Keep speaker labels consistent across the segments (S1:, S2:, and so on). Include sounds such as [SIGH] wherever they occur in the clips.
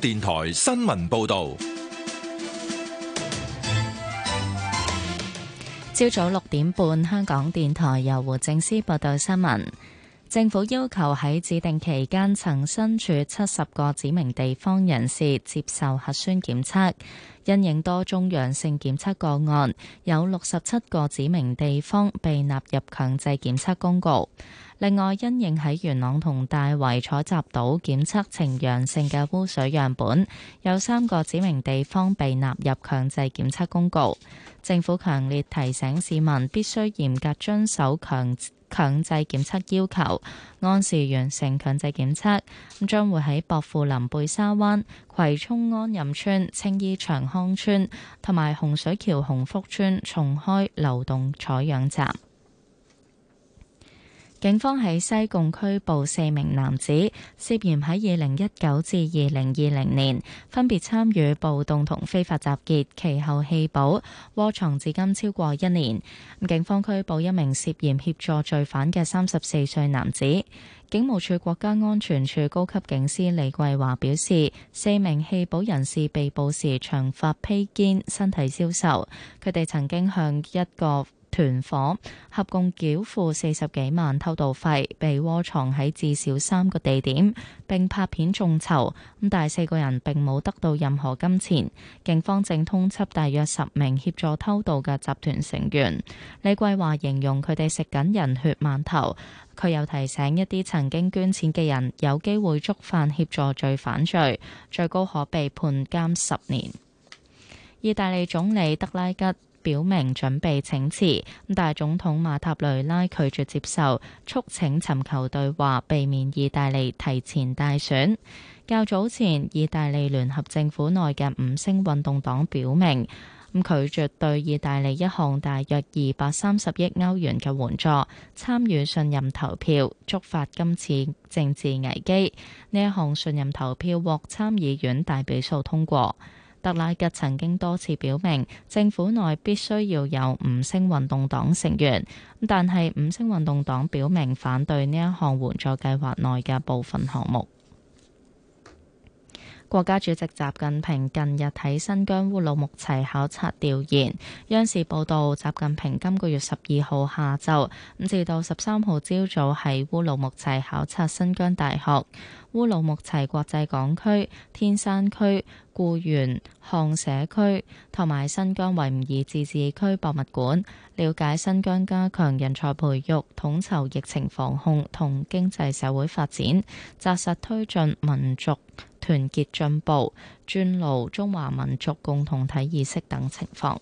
S1: 電台新聞報道，
S2: 朝早六點半，香港電台由胡正思報道新聞。政府要求喺指定期間曾身處七十個指明地方人士接受核酸檢測，因應多宗陽性檢測個案，有六十七個指明地方被納入強制檢測公告。另外，因應喺元朗同大圍採集到檢測呈陽性嘅污水樣本，有三個指明地方被納入強制檢測公告。政府強烈提醒市民必須嚴格遵守強強制檢測要求按時完成強制檢測，咁將會喺薄扶林貝沙灣、葵涌安蔭村、青衣長康村同埋洪水橋洪福村重開流動採樣站。警方喺西貢拘捕四名男子，涉嫌喺二零一九至二零二零年分別參與暴動同非法集結，其後棄保窩藏至今超過一年。警方拘捕一名涉嫌協助罪犯嘅三十四歲男子。警務處國家安全處高級警司李桂華表示，四名棄保人士被捕時長髮披肩，身體消瘦。佢哋曾經向一個。團伙合共繳付四十幾萬偷渡費，被窩藏喺至少三個地點，並拍片眾籌。咁但四個人並冇得到任何金錢。警方正通緝大約十名協助偷渡嘅集團成員。李桂華形容佢哋食緊人血饅頭。佢又提醒一啲曾經捐錢嘅人，有機會觸犯協助罪犯罪，最高可被判監十年。意大利總理德拉吉表明準備請辭，咁但係總統馬塔雷拉拒絕接受，促請尋求對話，避免意大利提前大選。較早前，意大利聯合政府內嘅五星運動黨表明，咁拒絕對意大利一項大約二百三十億歐元嘅援助參與信任投票，觸發今次政治危機。呢一項信任投票獲參議院大比數通過。特拉吉曾經多次表明，政府內必須要有五星運動黨成員，但係五星運動黨表明反對呢一項援助計劃內嘅部分項目。國家主席習近平近日喺新疆烏魯木齊考察調研。央視報導，習近平今個月十二號下晝咁至到十三號朝早喺烏魯木齊考察新疆大學、烏魯木齊國際港區、天山區固原巷社區同埋新疆維吾爾自治區博物館，了解新疆加強人才培育、統籌疫情防控同經濟社會發展，扎實推進民族。團結進步、鑄牢、中華民族共同體意識等情況。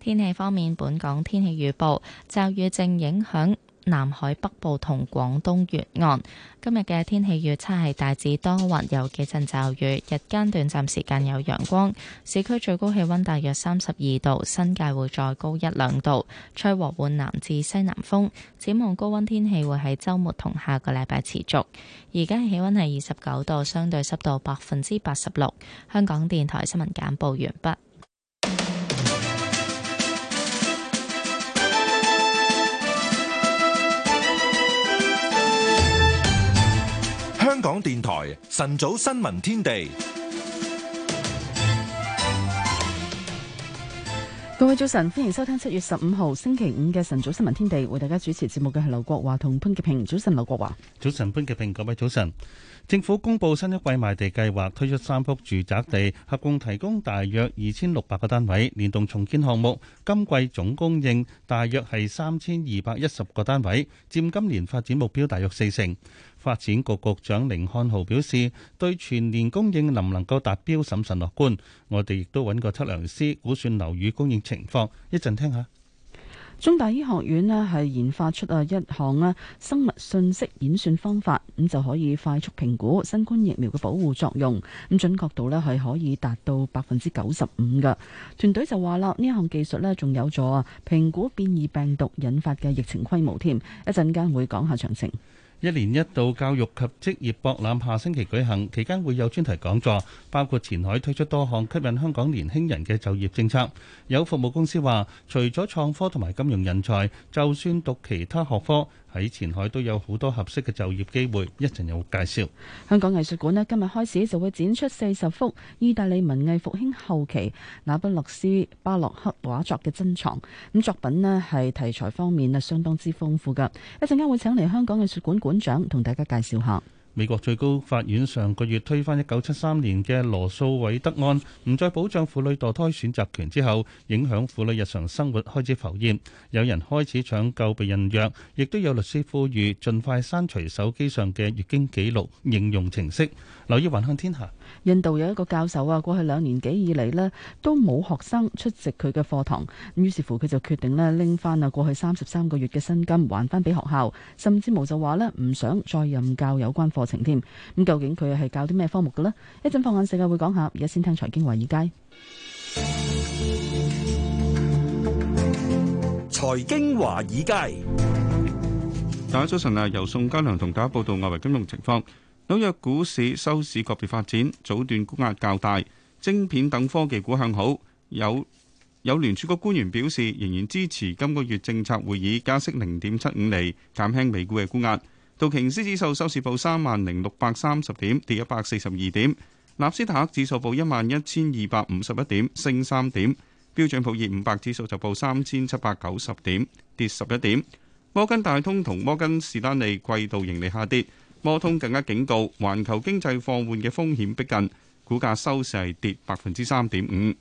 S2: 天氣方面，本港天氣預報：驟雨正影響。南海北部同廣東沿岸今日嘅天氣預測係大致多雲，有幾陣驟雨，日間短暫時間有陽光。市區最高氣溫大約三十二度，新界會再高一兩度，吹和緩南至西南風。展望高溫天氣會喺周末同下個禮拜持續。而家氣溫係二十九度，相對濕度百分之八十六。香港電台新聞簡報完畢。
S1: 港電台晨早新聞天地，
S3: 各位早晨，歡迎收聽七月十五號星期五嘅晨早新聞天地，為大家主持節目嘅係劉國華同潘潔平。早晨，劉國華。
S4: 早晨，潘潔平。各位早晨。政府公布新一季賣地計劃，推出三幅住宅地，合共提供大約二千六百個單位，聯動重建項目，今季總供應大約係三千二百一十個單位，佔今年發展目標大約四成。發展局局長寧漢豪表示，對全年供應能唔能夠達標審慎樂觀。我哋亦都揾個測量師估算樓宇供應情況，一陣聽下。
S3: 中大醫學院咧係研發出啊一項啊生物信息演算方法，咁就可以快速評估新冠疫苗嘅保護作用，咁準確度咧係可以達到百分之九十五噶。團隊就話啦，呢一項技術咧仲有咗啊，評估變異病毒引發嘅疫情規模添，一陣間會講下詳情。
S4: 一年一度教育及職業博覽下星期舉行，期間會有專題講座，包括前海推出多項吸引香港年輕人嘅就業政策。有服務公司話，除咗創科同埋金融人才，就算讀其他學科，喺前海都有好多合適嘅就業機會，一陣有介紹。
S3: 香港藝術館咧今日開始就會展出四十幅意大利文藝復興後期那不勒斯巴洛克畫作嘅珍藏，咁作品咧，係題材方面啊相當之豐富噶，一陣間會請嚟香港藝術館館長同大家介紹下。
S4: 美國最高法院上個月推翻一九七三年嘅羅訴韋德案，唔再保障婦女墮胎選擇權之後，影響婦女日常生活開始浮現，有人開始搶救避孕藥，亦都有律師呼籲盡快刪除手機上嘅月經記錄應用程式。留意雲向天下，
S3: 印度有一個教授啊，過去兩年幾以嚟咧都冇學生出席佢嘅課堂，於是乎佢就決定咧拎翻啊過去三十三個月嘅薪金還翻俾學校，甚至無就話咧唔想再任教有關課課程添咁，究竟佢係教啲咩科目嘅呢？一陣放眼世界會講下，而家先聽財經華爾街。
S5: 財經華爾街，大家早晨啊！由宋嘉良同大家報道外圍金融情況。紐約股市收市個別發展，早段沽壓較大，晶片等科技股向好。有有聯儲局官員表示，仍然支持今個月政策會議加息零點七五厘，減輕美股嘅沽壓。道瓊斯指數收市報三萬零六百三十點，跌一百四十二點；納斯塔克指數報一萬一千二百五十一點，升三點；標準普爾五百指數就報三千七百九十點，跌十一點。摩根大通同摩根士丹利季度盈利下跌，摩通更加警告環球經濟放緩嘅風險逼近，股價收勢跌百分之三點五。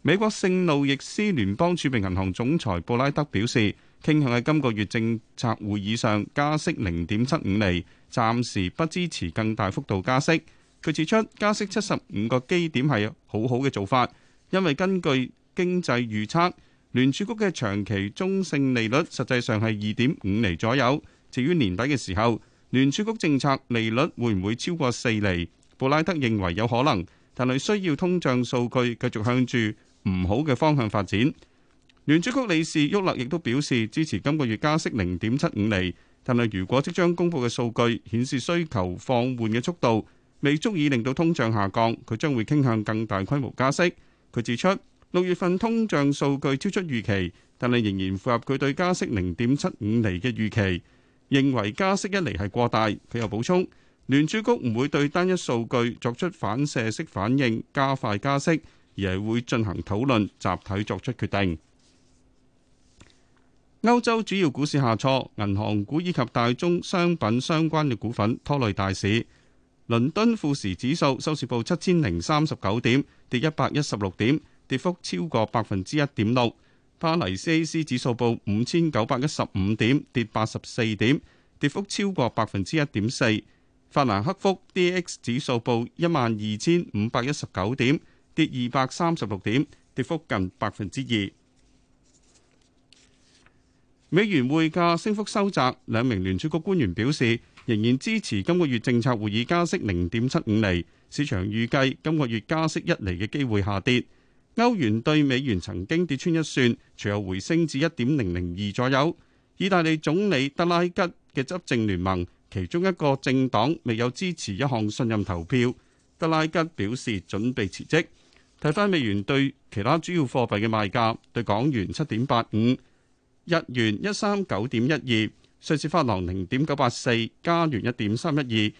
S5: 美國聖路易斯聯邦儲備銀行總裁布拉德表示，傾向喺今個月政策會議上加息零點七五厘，暫時不支持更大幅度加息。佢指出，加息七十五個基點係好好嘅做法，因為根據經濟預測，聯儲局嘅長期中性利率實際上係二點五厘左右。至於年底嘅時候，聯儲局政策利率會唔會超過四厘？布拉特認為有可能，但係需要通脹數據繼續向住唔好嘅方向發展。聯儲局理事沃勒亦都表示支持今個月加息0.75厘，但係如果即將公布嘅數據顯示需求放緩嘅速度未足以令到通脹下降，佢將會傾向更大規模加息。佢指出六月份通脹數據超出預期，但係仍然符合佢對加息0.75厘嘅預期，認為加息一厘係過大。佢又補充，聯儲局唔會對單一數據作出反射式反應，加快加息，而係會進行討論，集體作出決定。歐洲主要股市下挫，銀行股以及大宗商品相關嘅股份拖累大市。倫敦富時指數收市報七千零三十九點，跌一百一十六點，跌幅超過百分之一點六。巴黎 CAC 指數報五千九百一十五點，跌八十四點，跌幅超過百分之一點四。法蘭克福 DAX 指數報一萬二千五百一十九點，跌二百三十六點，跌幅近百分之二。美元匯價升幅收窄，兩名聯儲局官員表示仍然支持今個月政策會議加息零點七五厘。市場預計今個月加息一厘嘅機會下跌。歐元對美元曾經跌穿一算，隨後回升至一點零零二左右。意大利總理德拉吉嘅執政聯盟其中一個政黨未有支持一項信任投票，德拉吉表示準備辭職。睇翻美元對其他主要貨幣嘅賣價，對港元七點八五。日元一三九點一二，瑞士法郎零點九八四，加元一點三一二，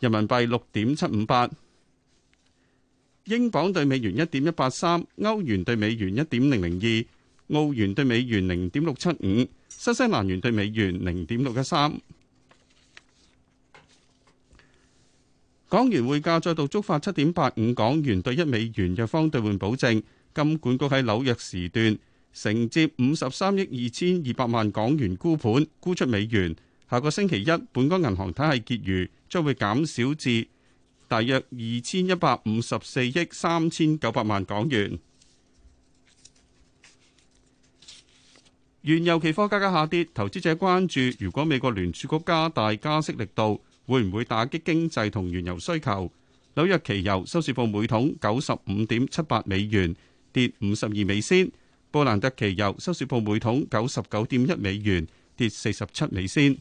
S5: 人民幣六點七五八，英鎊對美元一點一八三，歐元對美元一點零零二，澳元對美元零點六七五，新西蘭元對美元零點六一三。港元匯價再度觸發七點八五港元對一美元弱方兌換保證，金管局喺紐約時段。承接五十三億二千二百萬港元沽盤，沽出美元。下個星期一，本港銀行體系結餘將會減少至大約二千一百五十四億三千九百萬港元。原油期貨價格下跌，投資者關注如果美國聯儲局加大加息力度，會唔會打擊經濟同原油需求？紐約期油收市報每桶九十五點七八美元，跌五十二美仙。布蘭特期油收市報每桶九十九點一美元，跌四十七美仙。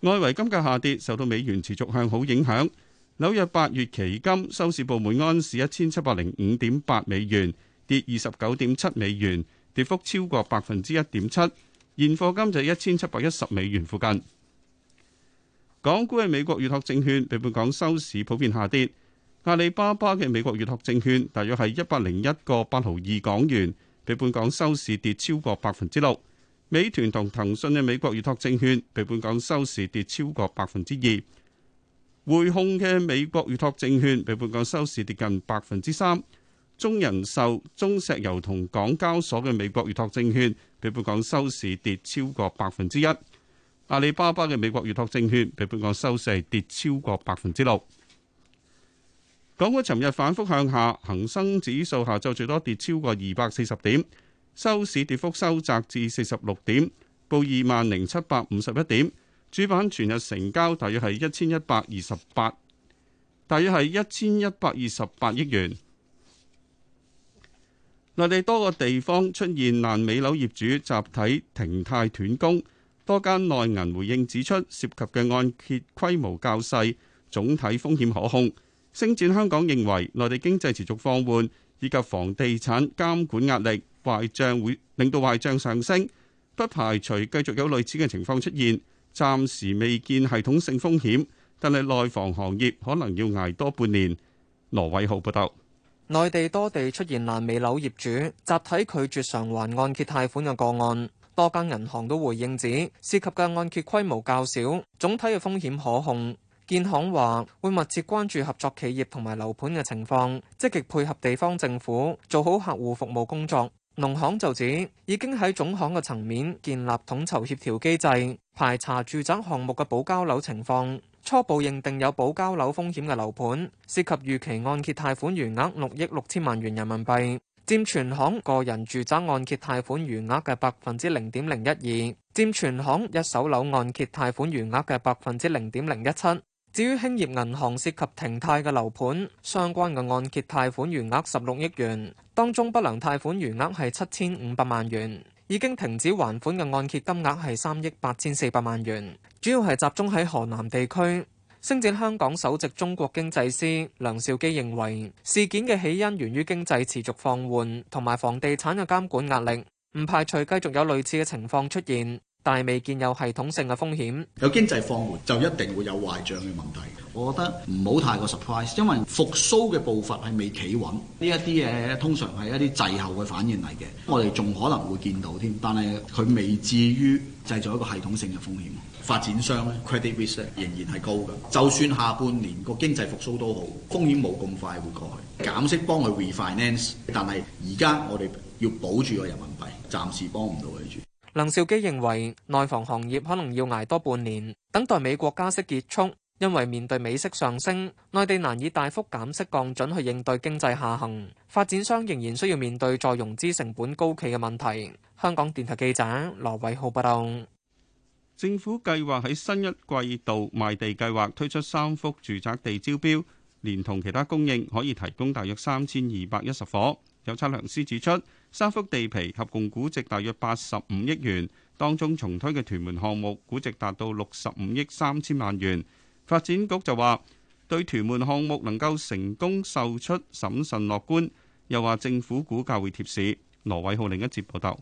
S5: 外圍金價下跌，受到美元持續向好影響。紐約八月期金收市報每安士一千七百零五點八美元，跌二十九點七美元，跌幅超過百分之一點七。現貨金就一千七百一十美元附近。港股喺美國預託證券比本港收市普遍下跌。阿里巴巴嘅美國預託證券大約係一百零一個八毫二港元，比本港收市跌超過百分之六。美團同騰訊嘅美國預託證券比本港收市跌超過百分之二。匯控嘅美國預託證券比本港收市跌近百分之三。中人壽、中石油同港交所嘅美國預託證券比本港收市跌超過百分之一。阿里巴巴嘅美國預託證券比本港收市跌超過百分之六。港股尋日反覆向下，恒生指數下晝最多跌超過二百四十點，收市跌幅收窄至四十六點，報二萬零七百五十一點。主板全日成交大約係一千一百二十八，大約係一千一百二十八億元。內地多個地方出現爛尾樓業主集體停貸斷供，多間內銀回應指出，涉及嘅按揭規模較細，總體風險可控。星展香港認為，內地經濟持續放緩以及房地產監管壓力，壞帳會令到壞帳上升，不排除繼續有類似嘅情況出現。暫時未見系統性風險，但係內房行業可能要捱多半年。羅偉豪報道，
S6: 內地多地出現爛尾樓業主集體拒絕償還按揭貸款嘅個案，多間銀行都回應指，涉及嘅按揭規模較少，總體嘅風險可控。建行話會密切關注合作企業同埋樓盤嘅情況，積極配合地方政府，做好客戶服務工作。農行就指已經喺總行嘅層面建立統籌協調機制，排查住宅項目嘅保交樓情況，初步認定有保交樓風險嘅樓盤，涉及逾期按揭貸款餘額六億六千萬元人民幣，佔全行個人住宅按揭貸款餘額嘅百分之零點零一二，佔全行一手樓按揭貸款餘額嘅百分之零點零一七。至於興業銀行涉及停貸嘅樓盤，相關嘅按揭貸款餘額十六億元，當中不良貸款餘額係七千五百萬元，已經停止還款嘅按揭金額係三億八千四百萬元，主要係集中喺河南地區。星展香港首席中國經濟師梁兆基認為，事件嘅起因源於經濟持續放緩同埋房地產嘅監管壓力，唔排除繼續有類似嘅情況出現。但係未見有系統性嘅風險。有經濟
S7: 放緩就一定會有壞帳嘅問題。我覺得唔好太過 surprise，因為復甦嘅步伐
S8: 係未企穩。呢一啲嘢通常係一啲滯後嘅反應嚟嘅，我哋仲可能會見到添。但係佢未至於製造一個系統性嘅風險。發展商嘅 credit risk 仍然係高㗎。就算下半年個經濟復甦都好，風險冇咁快會過去。減息幫佢 refinance，但係而家我哋要保住個人民幣，暫時幫唔到佢住。
S6: 梁兆基認為，內房行業可能要捱多半年，等待美國加息結束，因為面對美息上升，內地難以大幅減息降準去應對經濟下行。發展商仍然需要面對再融資成本高企嘅問題。香港電台記者羅偉浩報道。政府計劃喺新一季
S5: 度賣地計劃推出三幅住宅地招標，連同其他供應，可以提供大約三千二百一十伙。有測量師指出。三幅地皮合共估值大約八十五億元，當中重推嘅屯門項目估值達到六十五億三千萬元。發展局就話對屯門項目能夠成功售出審慎樂觀，又話政府估價會貼市。羅偉浩另一節報道。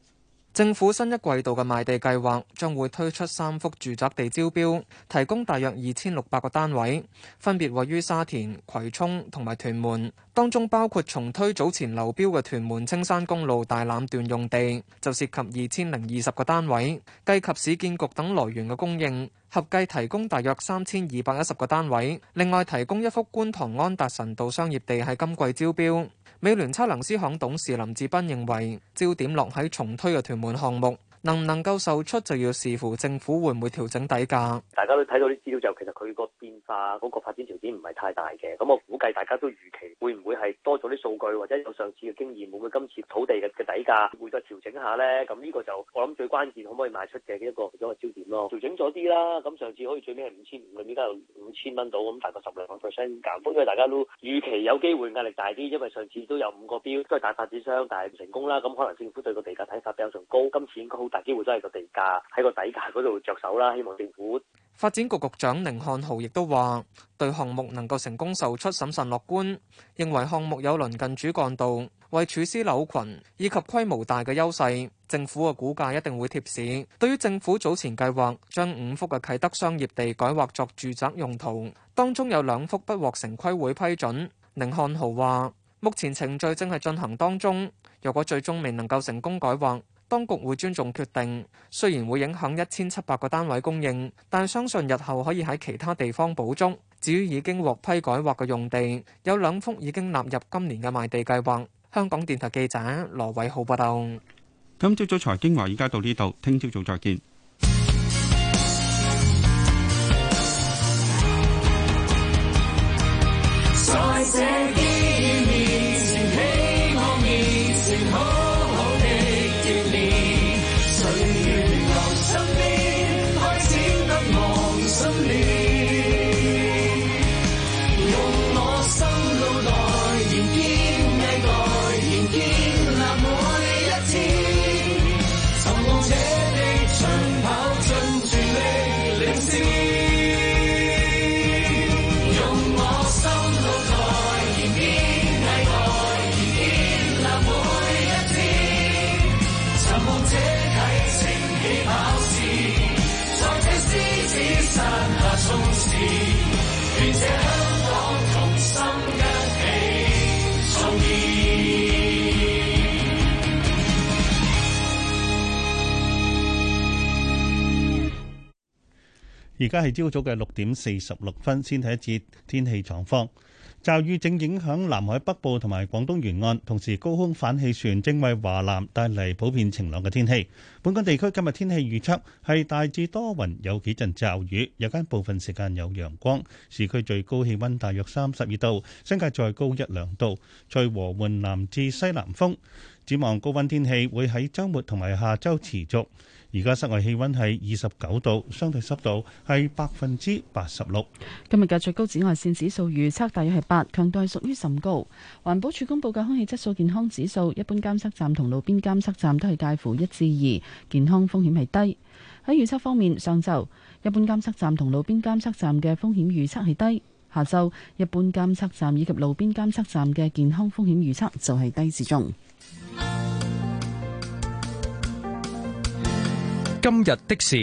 S6: 政府新一季度嘅賣地計劃將會推出三幅住宅地招標，提供大約二千六百個單位，分別位於沙田、葵涌同埋屯門，當中包括重推早前流標嘅屯門青山公路大欖段用地，就涉及二千零二十個單位，計及市建局等來源嘅供應，合計提供大約三千二百一十個單位。另外，提供一幅觀塘安達臣道商業地喺今季招標。美聯測量師行董事林志斌認為，焦點落喺重推嘅屯門項目。能唔能夠售出就要視乎政府會唔會調整底價。大
S9: 家都睇到啲資料就其實佢個變化嗰個發展條件唔係太大嘅，咁我估計大家都預期會唔會係多咗啲數據或者有上次嘅經驗，會唔會今次土地嘅嘅底價會再調整下咧？咁呢個就我諗最關鍵可唔可以賣出嘅一個其中焦點咯。調整咗啲啦，咁上次可以最尾係五千五，咁而家有五千蚊到，咁大概十兩個 percent 減，因為大家都預期有機會壓力大啲，因為上次都有五個標都係大發展商，但係唔成功啦。咁可能政府對個地價睇法比較高，今次應該好。大機會都係個地價喺個底價嗰
S6: 度着手啦，希望政府發展局局長寧漢豪亦都話對項目能夠成功售出，審慎樂觀，認為項目有鄰近主幹道、位處私樓群以及規模大嘅優勢，政府嘅估價一定會貼市。對於政府早前計劃將五幅嘅啟德商業地改劃作住宅用途，當中有兩幅不獲城規會批准，寧漢豪話目前程序正喺進行當中，若果最終未能夠成功改劃。當局會尊重決定，雖然會影響一千七百個單位供應，但相信日後可以喺其他地方補足。至於已經獲批改劃嘅用地，有兩幅已經納入今年嘅賣地計劃。香港電台記者羅偉浩報道。今朝早財
S5: 經華爾街到呢度，聽朝早再見。 [MUSIC]
S4: 而家係朝早嘅六點四十六分，先睇一節天氣狀況。驟雨正影響南海北部同埋廣東沿岸，同時高空反氣旋正為華南帶嚟普遍晴朗嘅天氣。本港地區今日天，天氣預測係大致多雲，有幾陣驟雨，有間部分時間有陽光。市區最高氣溫大約三十二度，新界再高一兩度，吹和緩南至西南風。展望高溫天氣會喺週末同埋下週持續。而家室外氣溫係二十九度，相對濕度係百分之八十六。
S3: 今日嘅最高紫外線指數預測大約係八，強度係屬於甚高。環保署公佈嘅空氣質素健康指數，一般監測站同路邊監測站都係介乎一至二，健康風險係低。喺預測方面，上晝一般監測站同路邊監測站嘅風險預測係低，下晝一般監測站以及路邊監測站嘅健康風險預測就係低至中。
S7: 今日的事，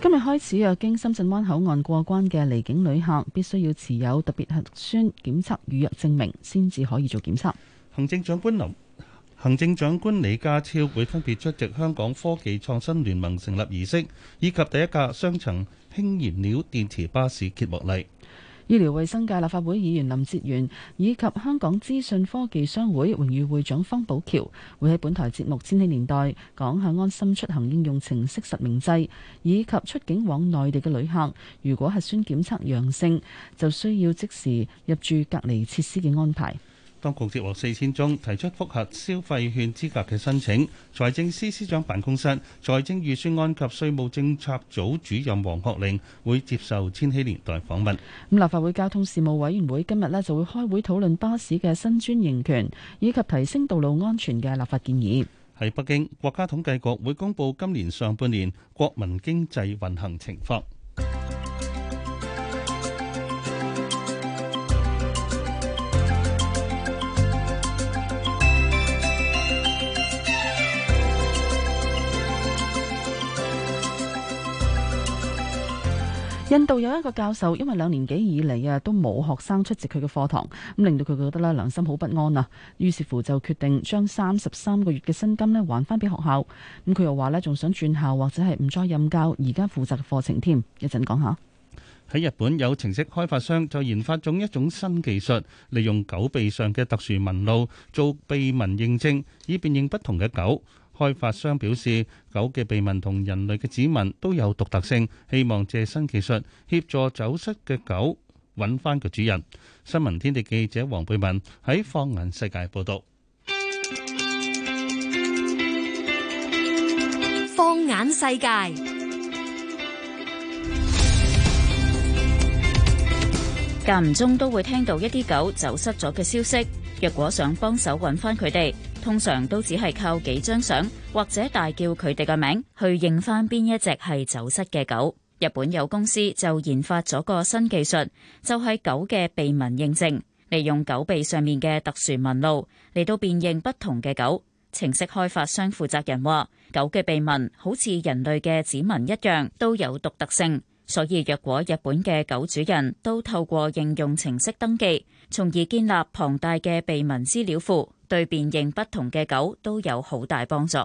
S3: 今日開始啊，經深圳灣口岸過關嘅離境旅客，必須要持有特別核酸檢測預約證明，先至可以做檢測。行政長官林，
S4: 行政長官李家超會分別出席香港科技創新聯盟成立儀式，以及第一架雙層氫燃料電池巴士揭幕禮。
S3: 醫療衛生界立法會議員林哲元，以及香港資訊科技商會榮譽會長方寶橋會喺本台節目《千禧年代》講下安心出行應用程式實名制，以及出境往內地嘅旅客如果核酸檢測陽性，就需要即時入住隔離設施嘅安排。
S4: 當局接獲四千宗提出複核消費券資格嘅申請，財政司司長辦公室財政預算案及稅務政策組主任黃學令會接受千禧年代訪問。
S3: 咁立法會交通事務委員會今日呢就會開會討論巴士嘅新專營權以及提升道路安全嘅立法建議。喺
S4: 北京，國家統計局會公布今年上半年國民經濟運行情況。
S3: 印度有一個教授，因為兩年幾以嚟啊都冇學生出席佢嘅課堂，咁令到佢覺得咧良心好不安啊，於是乎就決定將三十三個月嘅薪金咧還翻俾學校。咁佢又話咧仲想轉校或者係唔再任教而家負責嘅課程添。講一陣講下。
S4: 喺日本有程式開發商就研發一種一種新技術，利用狗鼻上嘅特殊紋路做鼻紋認證，以辨認不同嘅狗。開發商表示，狗嘅鼻紋同人類嘅指紋都有獨特性，希望借新技術協助走失嘅狗揾翻個主人。新聞天地記者黃佩文喺放眼世界報道。
S10: 放眼世界，間唔中都會聽到一啲狗走失咗嘅消息，若果想幫手揾翻佢哋，通常都只係靠幾張相或者大叫佢哋嘅名去認翻邊一隻係走失嘅狗。日本有公司就研發咗個新技術，就係狗嘅鼻紋認證，利用狗鼻上面嘅特殊紋路嚟到辨認不同嘅狗。程式開發商負責人話，狗嘅鼻紋好似人類嘅指紋一樣都有獨特性，所以若果日本嘅狗主人都透過應用程式登記，從而建立龐大嘅鼻紋資料庫。對辨認不同嘅狗都有好大幫助。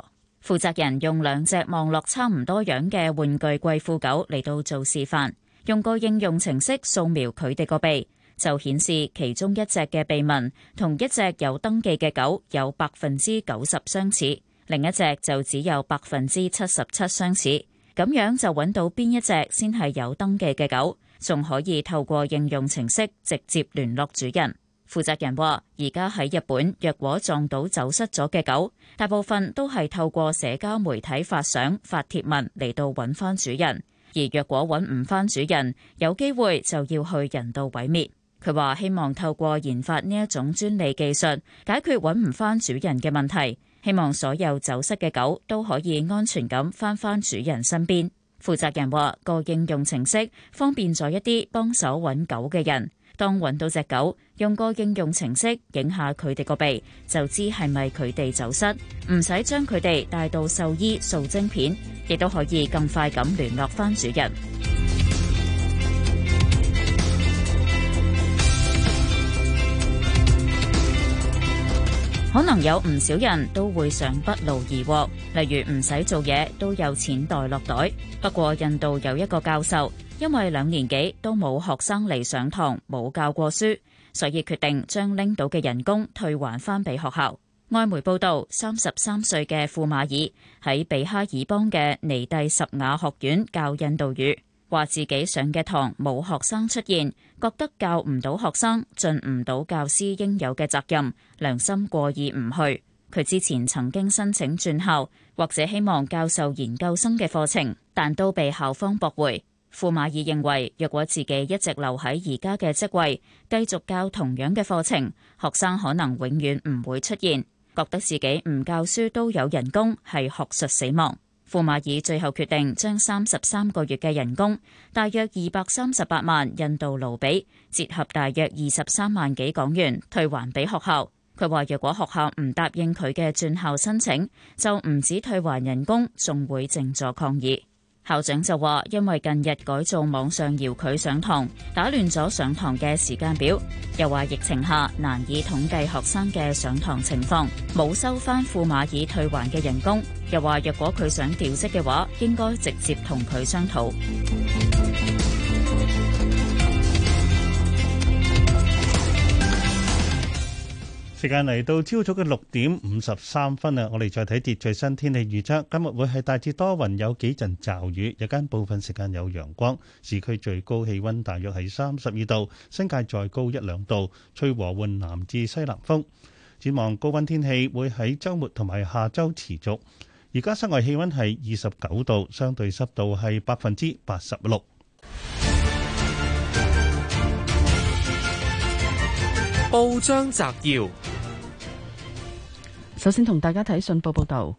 S10: 負責人用兩隻望落差唔多樣嘅玩具貴婦狗嚟到做示範，用個應用程式掃描佢哋個鼻，就顯示其中一隻嘅鼻紋同一隻有登記嘅狗有百分之九十相似，另一隻就只有百分之七十七相似。咁樣就揾到邊一隻先係有登記嘅狗，仲可以透過應用程式直接聯絡主人。負責人話：而家喺日本，若果撞到走失咗嘅狗，大部分都係透過社交媒體發相、發貼文嚟到揾翻主人。而若果揾唔翻主人，有機會就要去人道毀滅。佢話希望透過研發呢一種專利技術，解決揾唔翻主人嘅問題。希望所有走失嘅狗都可以安全咁翻翻主人身邊。負責人話：個應用程式方便咗一啲幫手揾狗嘅人。當揾到隻狗，用個應用程式影下佢哋個鼻，就知係咪佢哋走失，唔使將佢哋帶到獸醫掃晶片，亦都可以咁快咁聯絡翻主人。可能有唔少人都會想不勞而獲，例如唔使做嘢都有錢袋落袋。不過印度有一個教授，因為兩年幾都冇學生嚟上堂，冇教過書，所以決定將拎到嘅人工退還翻俾學校。外媒報道，三十三歲嘅庫馬爾喺比哈爾邦嘅尼第什雅學院教印度語。話自己上嘅堂冇學生出現，覺得教唔到學生，盡唔到教師應有嘅責任，良心過意唔去。佢之前曾經申請轉校或者希望教授研究生嘅課程，但都被校方駁回。庫馬爾認為，若果自己一直留喺而家嘅職位，繼續教同樣嘅課程，學生可能永遠唔會出現，覺得自己唔教書都有人工，係學術死亡。庫馬爾最後決定將三十三個月嘅人工，大約二百三十八萬印度盧比，折合大約二十三萬幾港元退還俾學校。佢話如果學校唔答應佢嘅轉校申請，就唔止退還人工，仲會靜坐抗議。校長就話，因為近日改造網上遙距上堂，打亂咗上堂嘅時間表。又話疫情下難以統計學生嘅上堂情況，冇收翻富馬爾退還嘅人工。又話若果佢想調職嘅話，應該直接同佢商討。
S4: 時間嚟到朝早嘅六點五十三分啦，我哋再睇跌最新天氣預測。今日會係大致多雲，有幾陣驟雨，日間部分時間有陽光。市區最高氣溫大約係三十二度，新界再高一兩度。吹和緩南至西南風。展望高溫天氣會喺週末同埋下週持續。而家室外氣溫係二十九度，相對濕度係百分之八十六。
S11: 報
S12: 章摘要：
S3: 首先同大家睇信報報道，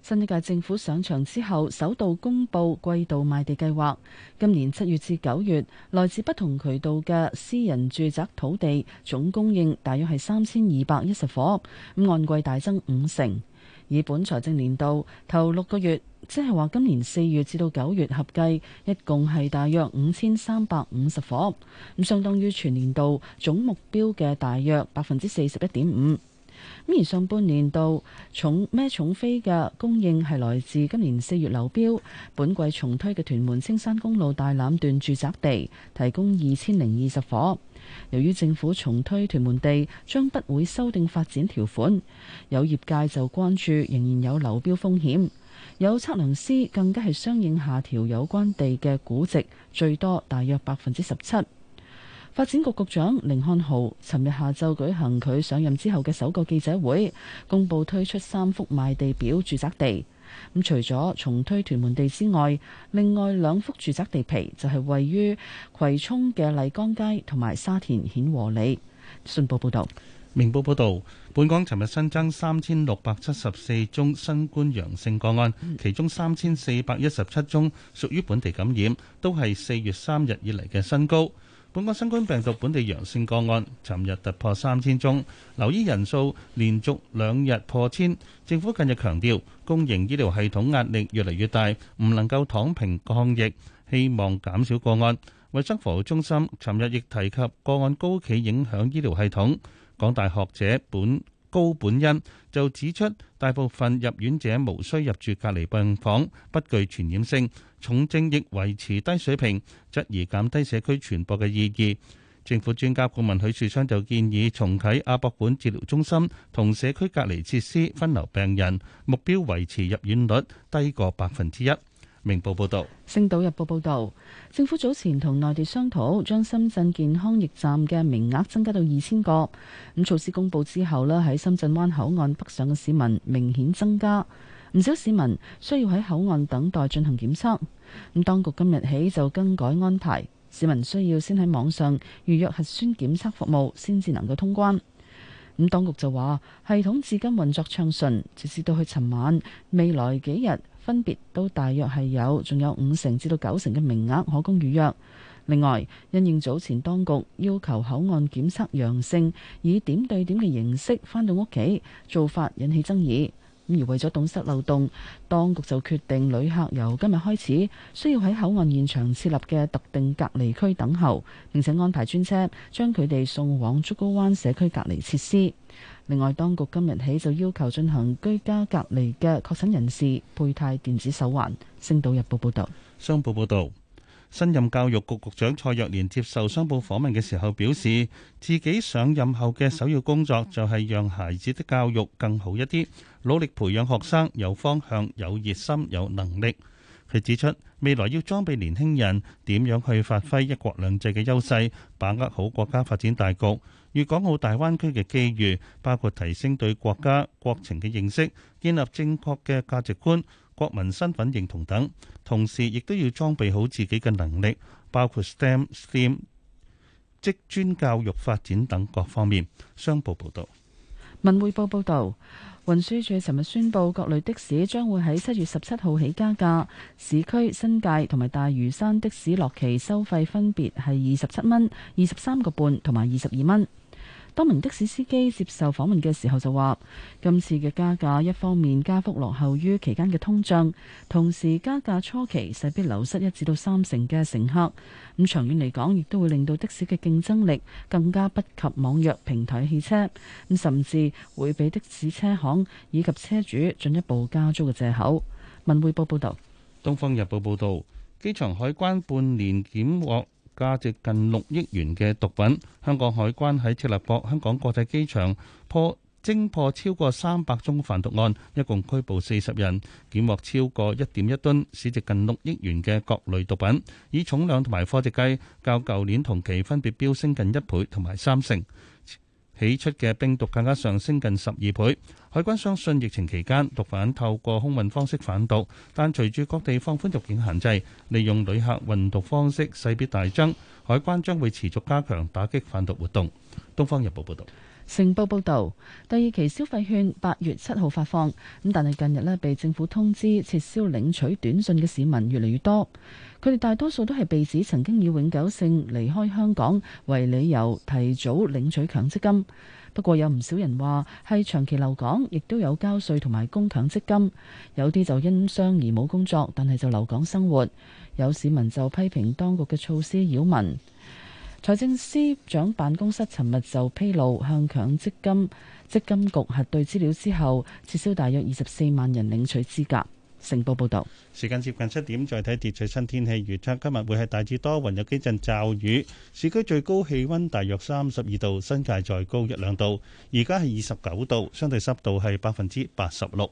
S3: 新一屆政府上場之後，首度公布季度賣地計劃。今年七月至九月，來自不同渠道嘅私人住宅土地總供應大約係三千二百一十伙，咁按季大增五成。以本財政年度頭六個月。即係話，今年四月至到九月合計，一共係大約五千三百五十伙，咁相當於全年度總目標嘅大約百分之四十一點五。咁而上半年度重咩重飛嘅供應係來自今年四月流標，本季重推嘅屯門青山公路大欖段住宅地提供二千零二十伙。由於政府重推屯門地，將不會修訂發展條款，有業界就關注仍然有流標風險。有測量師更加係相應下調有關地嘅估值，最多大約百分之十七。發展局局長甯漢豪尋日下晝舉行佢上任之後嘅首個記者會，公布推出三幅賣地表住宅地。咁除咗重推屯門地之外，另外兩幅住宅地皮就係位於葵涌嘅麗江街同埋沙田顯和里。信報報道。
S4: 明報報導。本港尋日新增三千六百七十四宗新冠陽性個案，其中三千四百一十七宗屬於本地感染，都係四月三日以嚟嘅新高。本港新冠病毒本地陽性個案尋日突破三千宗，留醫人數連續兩日破千。政府近日強調，公營醫療系統壓力越嚟越大，唔能夠躺平抗疫，希望減少個案。衞生服務中心尋日亦提及個案高企影響醫療系統。港大學者本高本恩就指出，大部分入院者無需入住隔離病房，不具傳染性，重症亦維持低水平，質疑減低社區傳播嘅意義。政府專家顧問許樹昌就建議重啟亞博館治療中心同社區隔離設施分流病人，目標維持入院率低過百分之一。明報報道，
S3: 星島日報報道，政府早前同內地商討，將深圳健康驛站嘅名額增加到二千個。咁措施公布之後咧，喺深圳灣口岸北上嘅市民明顯增加，唔少市民需要喺口岸等待進行檢測。咁當局今日起就更改安排，市民需要先喺網上預約核酸檢測服務，先至能夠通關。咁當局就話，系統至今運作暢順，直至到去尋晚，未來幾日。分別都大約係有，仲有五成至到九成嘅名額可供預約。另外，因應早前當局要求口岸檢測陽性，以點對點嘅形式返到屋企，做法引起爭議。咁而為咗堵塞漏洞，當局就決定旅客由今日開始，需要喺口岸現場設立嘅特定隔離區等候，並且安排專車將佢哋送往竹篙灣社區隔離設施。另外，當局今日起就要求進行居家隔離嘅確診人士佩戴電子手環。星島日報報道，
S4: 商報報導，新任教育局局長蔡若蓮接受商報訪問嘅時候表示，自己上任後嘅首要工作就係讓孩子的教育更好一啲，努力培養學生有方向、有熱心、有能力。佢指出，未來要裝備年輕人點樣去發揮一國兩制嘅優勢，把握好國家發展大局。粵港澳大灣區嘅機遇包括提升對國家、國情嘅認識、建立正確嘅價值觀、國民身份認同等。同時，亦都要裝備好自己嘅能力，包括 STEM、STEM 職專教育發展等各方面。
S3: 商報報道，文匯報報道，運輸處尋日宣布，各類的士將會喺七月十七號起加價，市區、新界同埋大嶼山的士落旗收費分別係二十七蚊、二十三個半同埋二十二蚊。多名的士司機接受訪問嘅時候就話：今次嘅加價一方面加幅落後於期間嘅通脹，同時加價初期勢必流失一至到三成嘅乘客。咁長遠嚟講，亦都會令到的士嘅競爭力更加不及網約平台汽車，咁甚至會俾的士車行以及車主進一步加租嘅藉口。文匯報報道。
S4: 《東方日報》報道，機場海關半年檢獲。價值近六億元嘅毒品。香港海關喺赤鱲角香港國際機場破偵破超過三百宗販毒案，一共拘捕四十人，檢獲超過一點一噸，市值近六億元嘅各類毒品，以重量同埋貨值計，較舊年同期分別飆升近一倍同埋三成。起出嘅冰毒更加上升近十二倍。海關相信疫情期間毒販透過空運方式販毒，但隨住各地放寬入境限制，利用旅客運毒方式勢必大增。海關將會持續加強打擊販毒活動。東方日報報道。
S3: 成報報導，第二期消費券八月七號發放，咁但係近日呢被政府通知撤銷領取短信嘅市民越嚟越多，佢哋大多數都係被指曾經以永久性離開香港為理由提早領取強積金，不過有唔少人話係長期留港，亦都有交稅同埋供強積金，有啲就因傷而冇工作，但係就留港生活，有市民就批評當局嘅措施擾民。財政司長辦公室尋日就披露向強積，向強積金積金局核對資料之後，撤銷大約二十四萬人領取資格。成報報道。
S4: 時間接近七點，再睇跌最新天氣預測，今日會係大致多雲，有幾陣驟雨。市區最高氣温大約三十二度，新界再高一兩度。而家係二十九度，相對濕度係百分之八十六。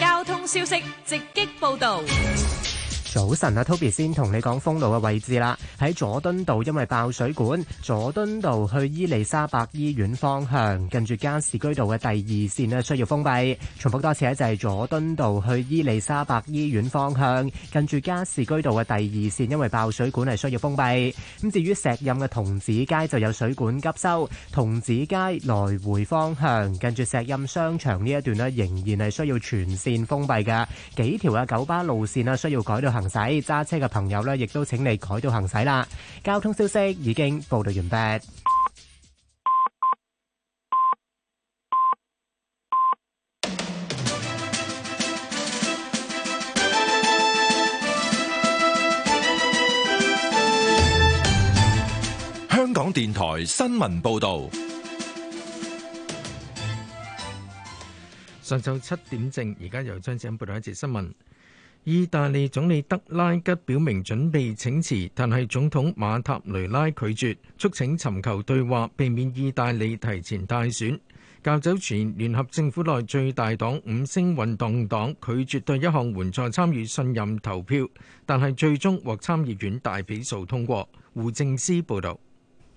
S13: 交通消息直擊報道。
S14: 早晨啊，Toby 先同你講封路嘅位置啦。喺佐敦道因為爆水管，佐敦道去伊麗莎白醫院方向，近住加士居道嘅第二線咧需要封閉。重複多次咧，就係、是、佐敦道去伊麗莎白醫院方向，近住加士居道嘅第二線因為爆水管係需要封閉。咁至於石蔭嘅童子街就有水管急修，童子街來回方向，近住石蔭商場呢一段咧仍然係需要全線封閉嘅。幾條啊，九巴路線咧需要改到行。行駛揸車嘅朋友呢，亦都請你改道行駛啦。交通消息已經報道完畢。
S1: 香港電台新聞報道。
S7: 上晝七點正，而家由張正報道一節新聞。意大利總理德拉吉表明準備請辭，但係總統馬塔雷拉拒絕，促請尋求對話，避免意大利提前大選。較早前，聯合政府內最大黨五星運動黨拒絕對一項援助參與信任投票，但係最終獲參議院大比數通過，胡正思報道。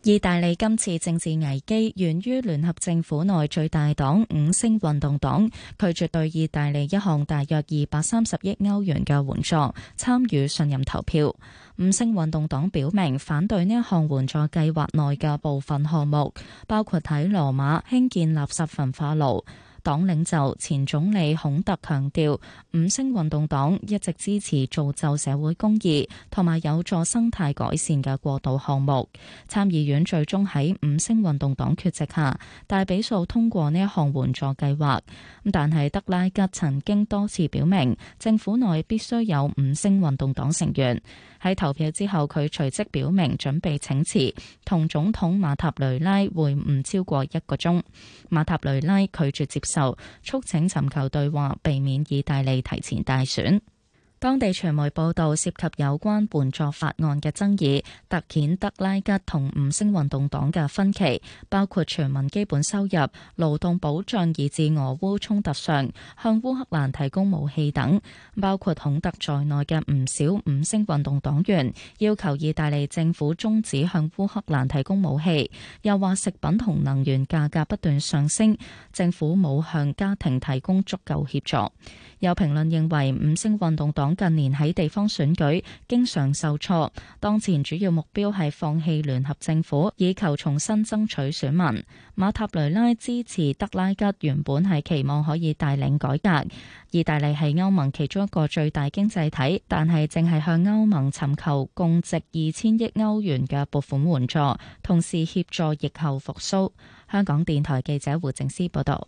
S2: 意大利今次政治危機源於聯合政府內最大黨五星運動黨拒絕對意大利一項大約二百三十億歐元嘅援助參與信任投票。五星運動黨表明反對呢項援助計劃內嘅部分項目，包括喺羅馬興建垃圾焚化爐。黨領袖前總理孔特強調，五星運動黨一直支持造就社會公義同埋有助生態改善嘅過渡項目。參議院最終喺五星運動黨缺席下，大比數通過呢一項援助計劃。但係德拉吉曾經多次表明，政府內必須有五星運動黨成員。喺投票之後，佢隨即表明準備請辭，同總統馬塔雷拉會晤超過一個鐘。馬塔雷拉拒絕接受，促請尋求對話，避免意大利提前大選。當地傳媒報道，涉及有關援助法案嘅爭議，突顯德拉吉同五星運動黨嘅分歧，包括全民基本收入、勞動保障以至俄烏衝突上向烏克蘭提供武器等。包括孔特在內嘅唔少五星運動黨員要求意大利政府終止向烏克蘭提供武器，又話食品同能源價格不斷上升，政府冇向家庭提供足夠協助。有評論認為五星運動黨，近年喺地方選舉經常受挫，當前主要目標係放棄聯合政府，以求重新爭取選民。馬塔雷拉支持德拉吉，原本係期望可以帶領改革。意大利係歐盟其中一個最大經濟體，但係正係向歐盟尋求共值二千億歐元嘅撥款援助，同時協助疫後復甦。香港電台記者胡靜思報道。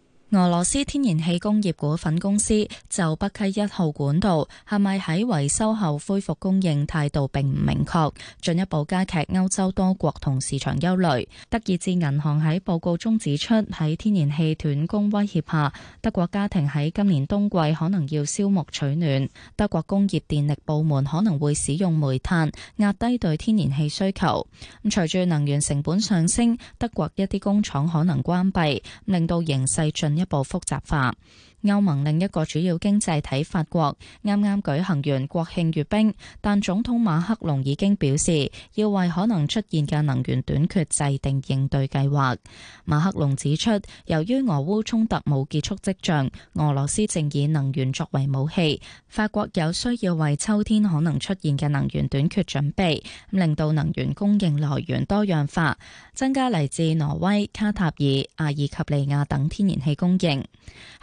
S2: 俄羅斯天然氣工業股份公司就北溪一號管道係咪喺維修後恢復供應態度並唔明確，進一步加劇歐洲多國同市場憂慮。德意志銀行喺報告中指出，喺天然氣斷供威脅下，德國家庭喺今年冬季可能要燒木取暖，德國工業電力部門可能會使用煤炭壓低對天然氣需求。咁隨住能源成本上升，德國一啲工廠可能關閉，令到形勢進一一步複雜化。歐盟另一個主要經濟體法國，啱啱舉行完國慶閱兵，但總統馬克龍已經表示要為可能出現嘅能源短缺制定應對計劃。馬克龍指出，由於俄烏衝突冇結束迹象，俄羅斯正以能源作為武器，法國有需要為秋天可能出現嘅能源短缺準備，令到能源供應來源多樣化，增加嚟自挪威、卡塔爾、阿爾及利亞等天然氣供應。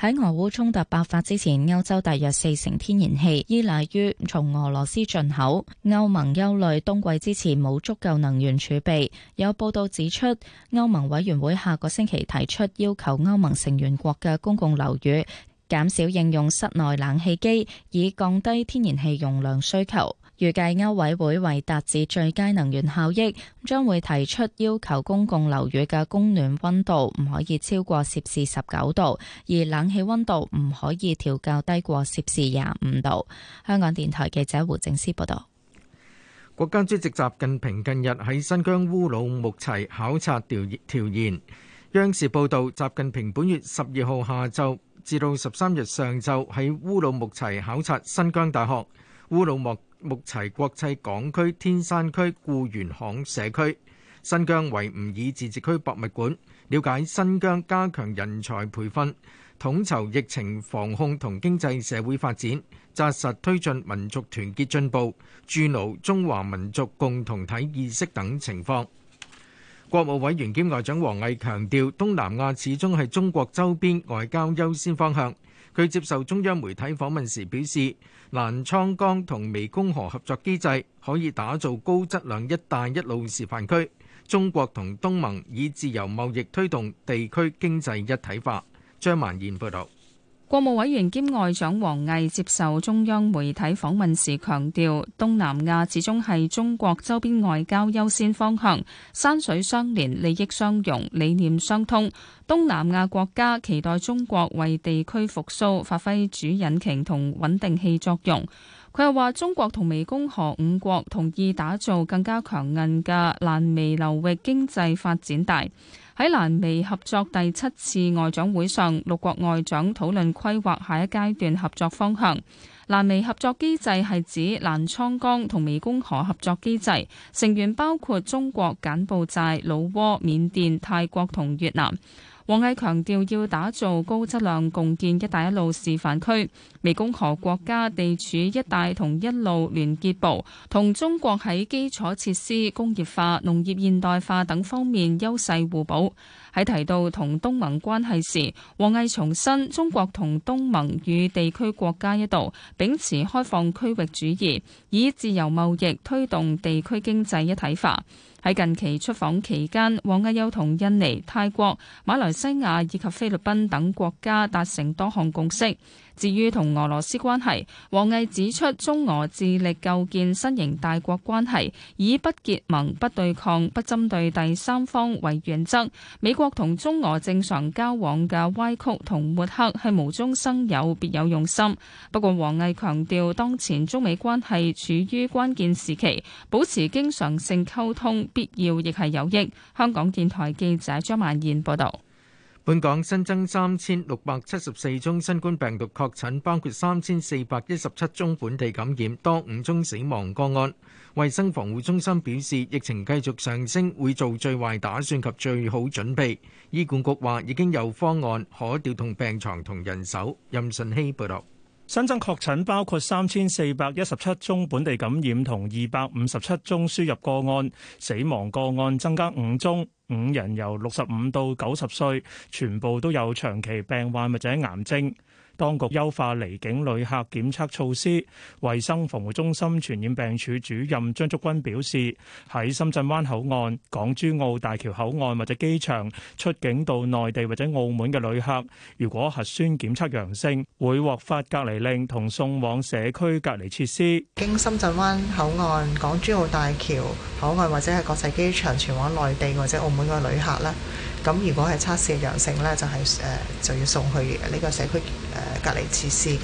S2: 喺俄烏衝突爆發之前，歐洲大約四成天然氣依賴於從俄羅斯進口。歐盟憂慮冬季之前冇足夠能源儲備。有報道指出，歐盟委員會下個星期提出要求歐盟成員國嘅公共樓宇減少應用室內冷氣機，以降低天然氣容量需求。預計歐委會為達至最佳能源效益，將會提出要求，公共樓宇嘅供暖溫度唔可以超過攝氏十九度，而冷氣溫度唔可以調校低過攝氏廿五度。香港電台記者胡正思報道。
S7: 國家主席習近平近日喺新疆烏魯木齊考察調調研。央視報導，習近平本月十二號下晝至到十三日上晝喺烏魯木齊考察新疆大學烏魯木木齊國際港區天山區固原巷社區、新疆維吾爾自治區博物館，了解新疆加強人才培訓、統籌疫情防控同經濟社會發展、紮實推進民族團結進步、築牢中華民族共同體意識等情況。國務委員兼外長王毅強調，東南亞始終係中國周邊外交優先方向。佢接受中央媒體訪問時表示，瀾滄江同湄公河合作機制可以打造高質量“一帶一路”示範區。中國同東盟以自由貿易推動地區經濟一體化。張曼燕報導。
S15: 國務委員兼外長王毅接受中央媒體訪問時強調，東南亞始終係中國周邊外交優先方向，山水相連、利益相融、理念相通。東南亞國家期待中國為地區復蘇發揮主引擎同穩定器作用。佢又話，中國同湄公河五國同意打造更加強硬嘅瀾湄流域經濟發展帶。喺瀾湄合作第七次外長會上，六國外長討論規劃下一階段合作方向。瀾湄合作機制係指瀾滄江同湄公河合作機制，成員包括中國、柬埔寨、老撾、緬甸、泰國同越南。王毅強調要打造高質量共建“一帶一路”示範區，湄公河國家地處“一帶同一路”連結部，同中國喺基礎設施、工業化、農業現代化等方面優勢互補。喺提到同東盟關係時，王毅重申中國同東盟與地區國家一道，秉持開放區域主義，以自由貿易推動地區經濟一體化。喺近期出訪期間，王毅又同印尼、泰國、馬來西亞以及菲律賓等國家達成多項共識。至於同俄羅斯關係，王毅指出，中俄致力構建新型大國關係，以不結盟、不對抗、不針對第三方為原則。美國同中俄正常交往嘅歪曲同抹黑係無中生有、別有用心。不過，王毅強調，當前中美關係處於關鍵時期，保持經常性溝通。必要亦係有益。香港電台記者張曼燕報道，
S7: 本港新增三千六百七十四宗新冠病毒確診，包括三千四百一十七宗本地感染，多五宗死亡個案。衛生防護中心表示，疫情繼續上升，會做最壞打算及最好準備。醫管局話已經有方案可調動病床同人手。任順希報道。新增確診
S11: 包括三千四百一十七宗本地感染同二百五十七宗輸入個案，死亡個案增加五宗，五人由六十五到九十歲，全部都有長期病患或者癌症。當局優化離境旅客檢測措施，衞生防護中心傳染病處主任張竹君表示，喺深圳灣口岸、港珠澳大橋口岸或者機場出境到內地或者澳門嘅旅客，如果核酸檢測陽性，會獲發隔離令同送往社區隔離設施。
S16: 經深圳灣口岸、港珠澳大橋口岸或者係國際機場前往內地或者澳門嘅旅客咧。咁如果係測試陽性咧，就係、是、誒、呃、就要送去呢個社區誒、呃、隔離設施嘅。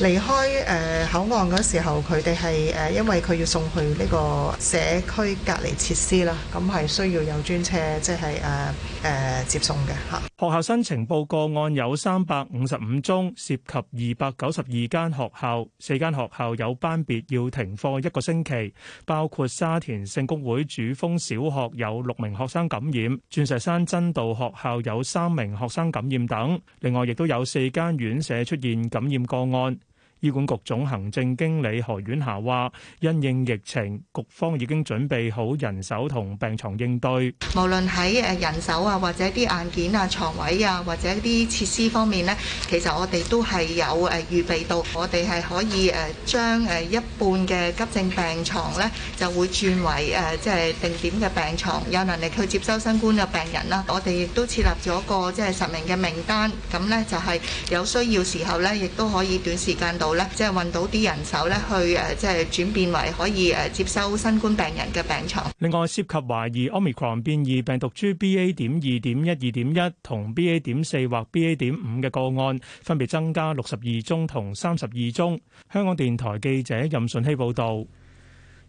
S16: 離開誒、呃、口岸時候，佢哋係誒因為佢要送去呢個社區隔離設施啦，咁、呃、係需要有專車即係誒誒接送嘅吓。
S11: 學校申請報個案有三百五十五宗，涉及二百九十二間學校，四間學校有班別要停課一個星期，包括沙田聖公會主峰小學有六名學生感染，鑽石山真道學校有三名學生感染等，另外亦都有四間院舍出現感染個案。醫管局總行政經理何婉霞話：因應疫情，局方已經準備好人手同病床應對。
S16: 無論喺誒人手啊，或者啲硬件啊、床位啊，或者啲設施方面咧，其實我哋都係有誒預備到，我哋係可以誒將誒一半嘅急症病床咧，就會轉為誒即係定點嘅病床，有能力去接收新冠嘅病人啦。我哋亦都設立咗一個即係實名嘅名單，咁咧就係有需要時候咧，亦都可以短時間到。咧，即係運到啲人手咧，去誒，即係轉變為可以誒接收新冠病人嘅病牀。
S11: 另外，涉及懷疑 Omicron 變異病毒株 BA. 點二點一二點一同 BA. 點四或 BA. 點五嘅個案，分別增加六十二宗同三十二宗。
S7: 香港電台記者任順希報道。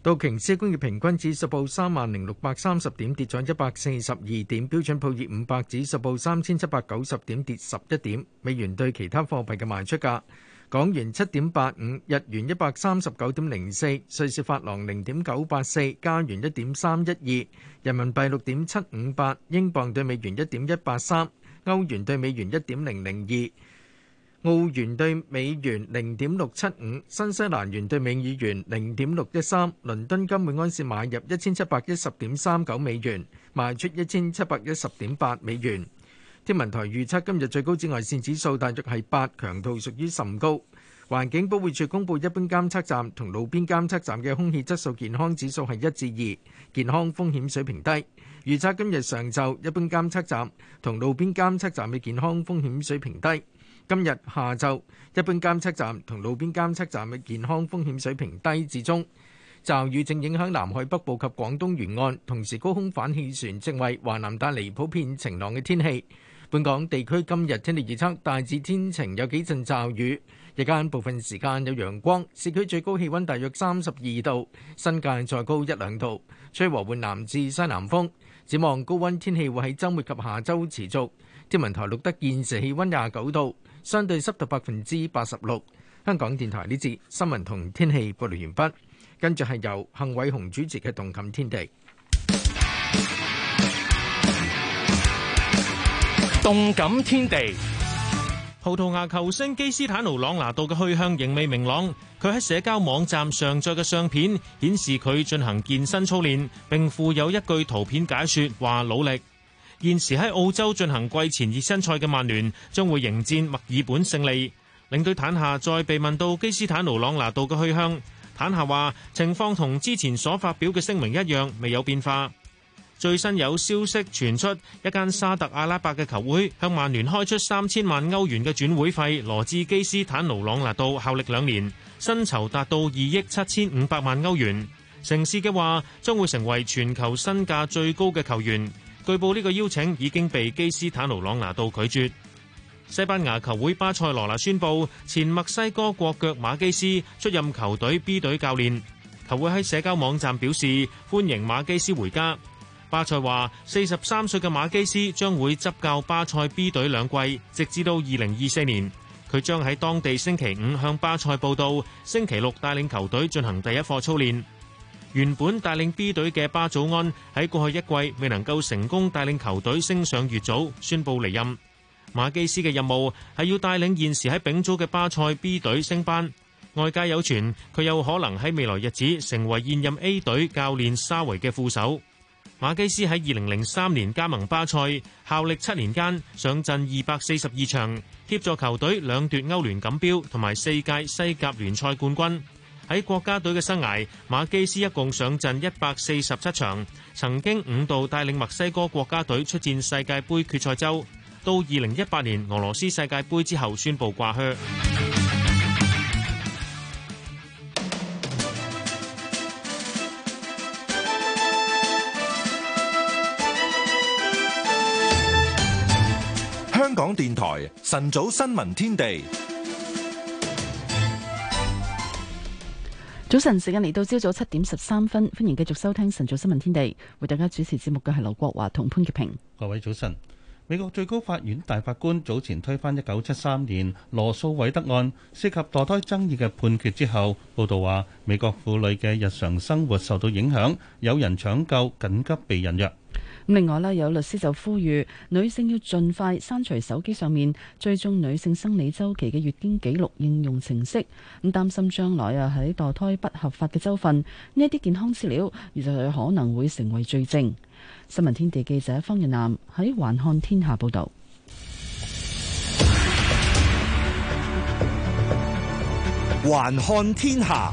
S7: 道瓊斯工業平均指數報三萬零六百三十點，跌咗一百四十二點。標準普爾五百指數報三千七百九十點，跌十一點。美元對其他貨幣嘅賣出價。港元七點八五，日元一百三十九點零四，瑞士法郎零點九八四，加元一點三一二，人民幣六點七五八，英鎊對美元一點一八三，歐元對美元一點零零二，澳元對美元零點六七五，新西蘭元對美元零點六一三，倫敦金每安士買入一千七百一十點三九美元，賣出一千七百一十點八美元。天文台預測今日最高紫外線指數大約係八，強度屬於甚高。環境保護署公布一般監測站同路邊監測站嘅空氣質素健康指數係一至二，健康風險水平低。預測今日上晝一般監測站同路邊監測站嘅健康風險水平低。今日下晝一般監測站同路邊監測站嘅健康風險水平低至中。驟雨正影響南海北部及廣東沿岸，同時高空反氣旋正為華南帶嚟普遍晴朗嘅天氣。本港地區今日天氣預測，大致天晴，有幾陣驟雨，日間部分時間有陽光。市區最高氣溫大約三十二度，新界再高一兩度。吹和緩南至西南風。展望高溫天氣會喺週末及下週持續。天文台錄得現時氣溫廿九度，相對濕度百分之八十六。香港電台呢節新聞同天氣報道完畢，跟住係由幸偉雄主持嘅《動感天地》。動感
S12: 天地，葡萄牙球星基斯坦奴朗拿度嘅去向仍未明朗。佢喺社交網站上載嘅相片顯示佢進行健身操練，並附有一句圖片解說：話努力。現時喺澳洲進行季前熱身賽嘅曼聯將會迎戰墨爾本勝利。領隊坦夏再被問到基斯坦奴朗拿度嘅去向，坦夏話情況同之前所發表嘅聲明一樣，未有變化。最新有消息傳出，一間沙特阿拉伯嘅球會向曼聯開出三千萬歐元嘅轉會費，羅致基斯坦奴朗拿度效力兩年，薪酬達到二億七千五百萬歐元。成事嘅話將會成為全球身價最高嘅球員。據報呢個邀請已經被基斯坦奴朗拿度拒絕。西班牙球會巴塞羅那宣布，前墨西哥國腳馬基斯出任球隊 B 隊教練。球會喺社交網站表示歡迎馬基斯回家。巴塞話：四十三歲嘅馬基斯將會執教巴塞 B 隊兩季，直至到二零二四年。佢將喺當地星期五向巴塞報到，星期六帶領球隊進行第一課操練。原本帶領 B 隊嘅巴祖安喺過去一季未能夠成功帶領球隊升上乙組，宣布離任。馬基斯嘅任務係要帶領現時喺丙組嘅巴塞 B 隊升班。外界有傳佢有可能喺未來日子成為現任 A 隊教練沙維嘅副手。馬基斯喺二零零三年加盟巴塞，效力七年間上陣二百四十二場，協助球隊兩奪歐聯錦標同埋四屆西甲聯賽冠軍。喺國家隊嘅生涯，馬基斯一共上陣一百四十七場，曾經五度帶領墨西哥國家隊出戰世界杯決賽周，到二零一八年俄羅斯世界杯之後宣布掛靴。
S1: 港電台晨早新聞天地，
S3: 早晨時間嚟到朝早七點十三分，歡迎繼續收聽晨早新聞天地，為大家主持節目嘅係劉國華同潘潔平。
S4: 各位早晨！美國最高法院大法官早前推翻一九七三年羅訴韋德案涉及墮胎爭議嘅判決之後，報道話美國婦女嘅日常生活受到影響，有人搶救緊急避孕藥。
S3: 另外咧，有律師就呼籲女性要盡快刪除手機上面追蹤女性生理周期嘅月經記錄應用程式，咁擔心將來啊喺墮胎不合法嘅州份呢一啲健康資料，而就可能會成為罪證。新聞天地記者方日南喺《橫看天下》報道，《橫
S17: 看天下》。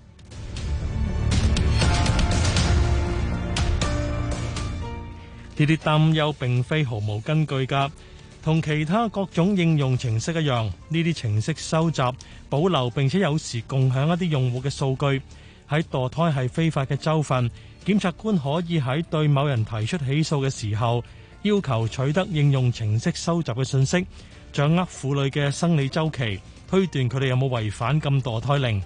S17: 呢啲擔憂並非毫無根據㗎，同其他各種應用程式一樣，呢啲程式收集、保留並且有時共享一啲用戶嘅數據。喺墮胎係非法嘅州份，檢察官可以喺對某人提出起訴嘅時候，要求取得應用程式收集嘅信息，掌握婦女嘅生理週期，推斷佢哋有冇違反禁墮胎令。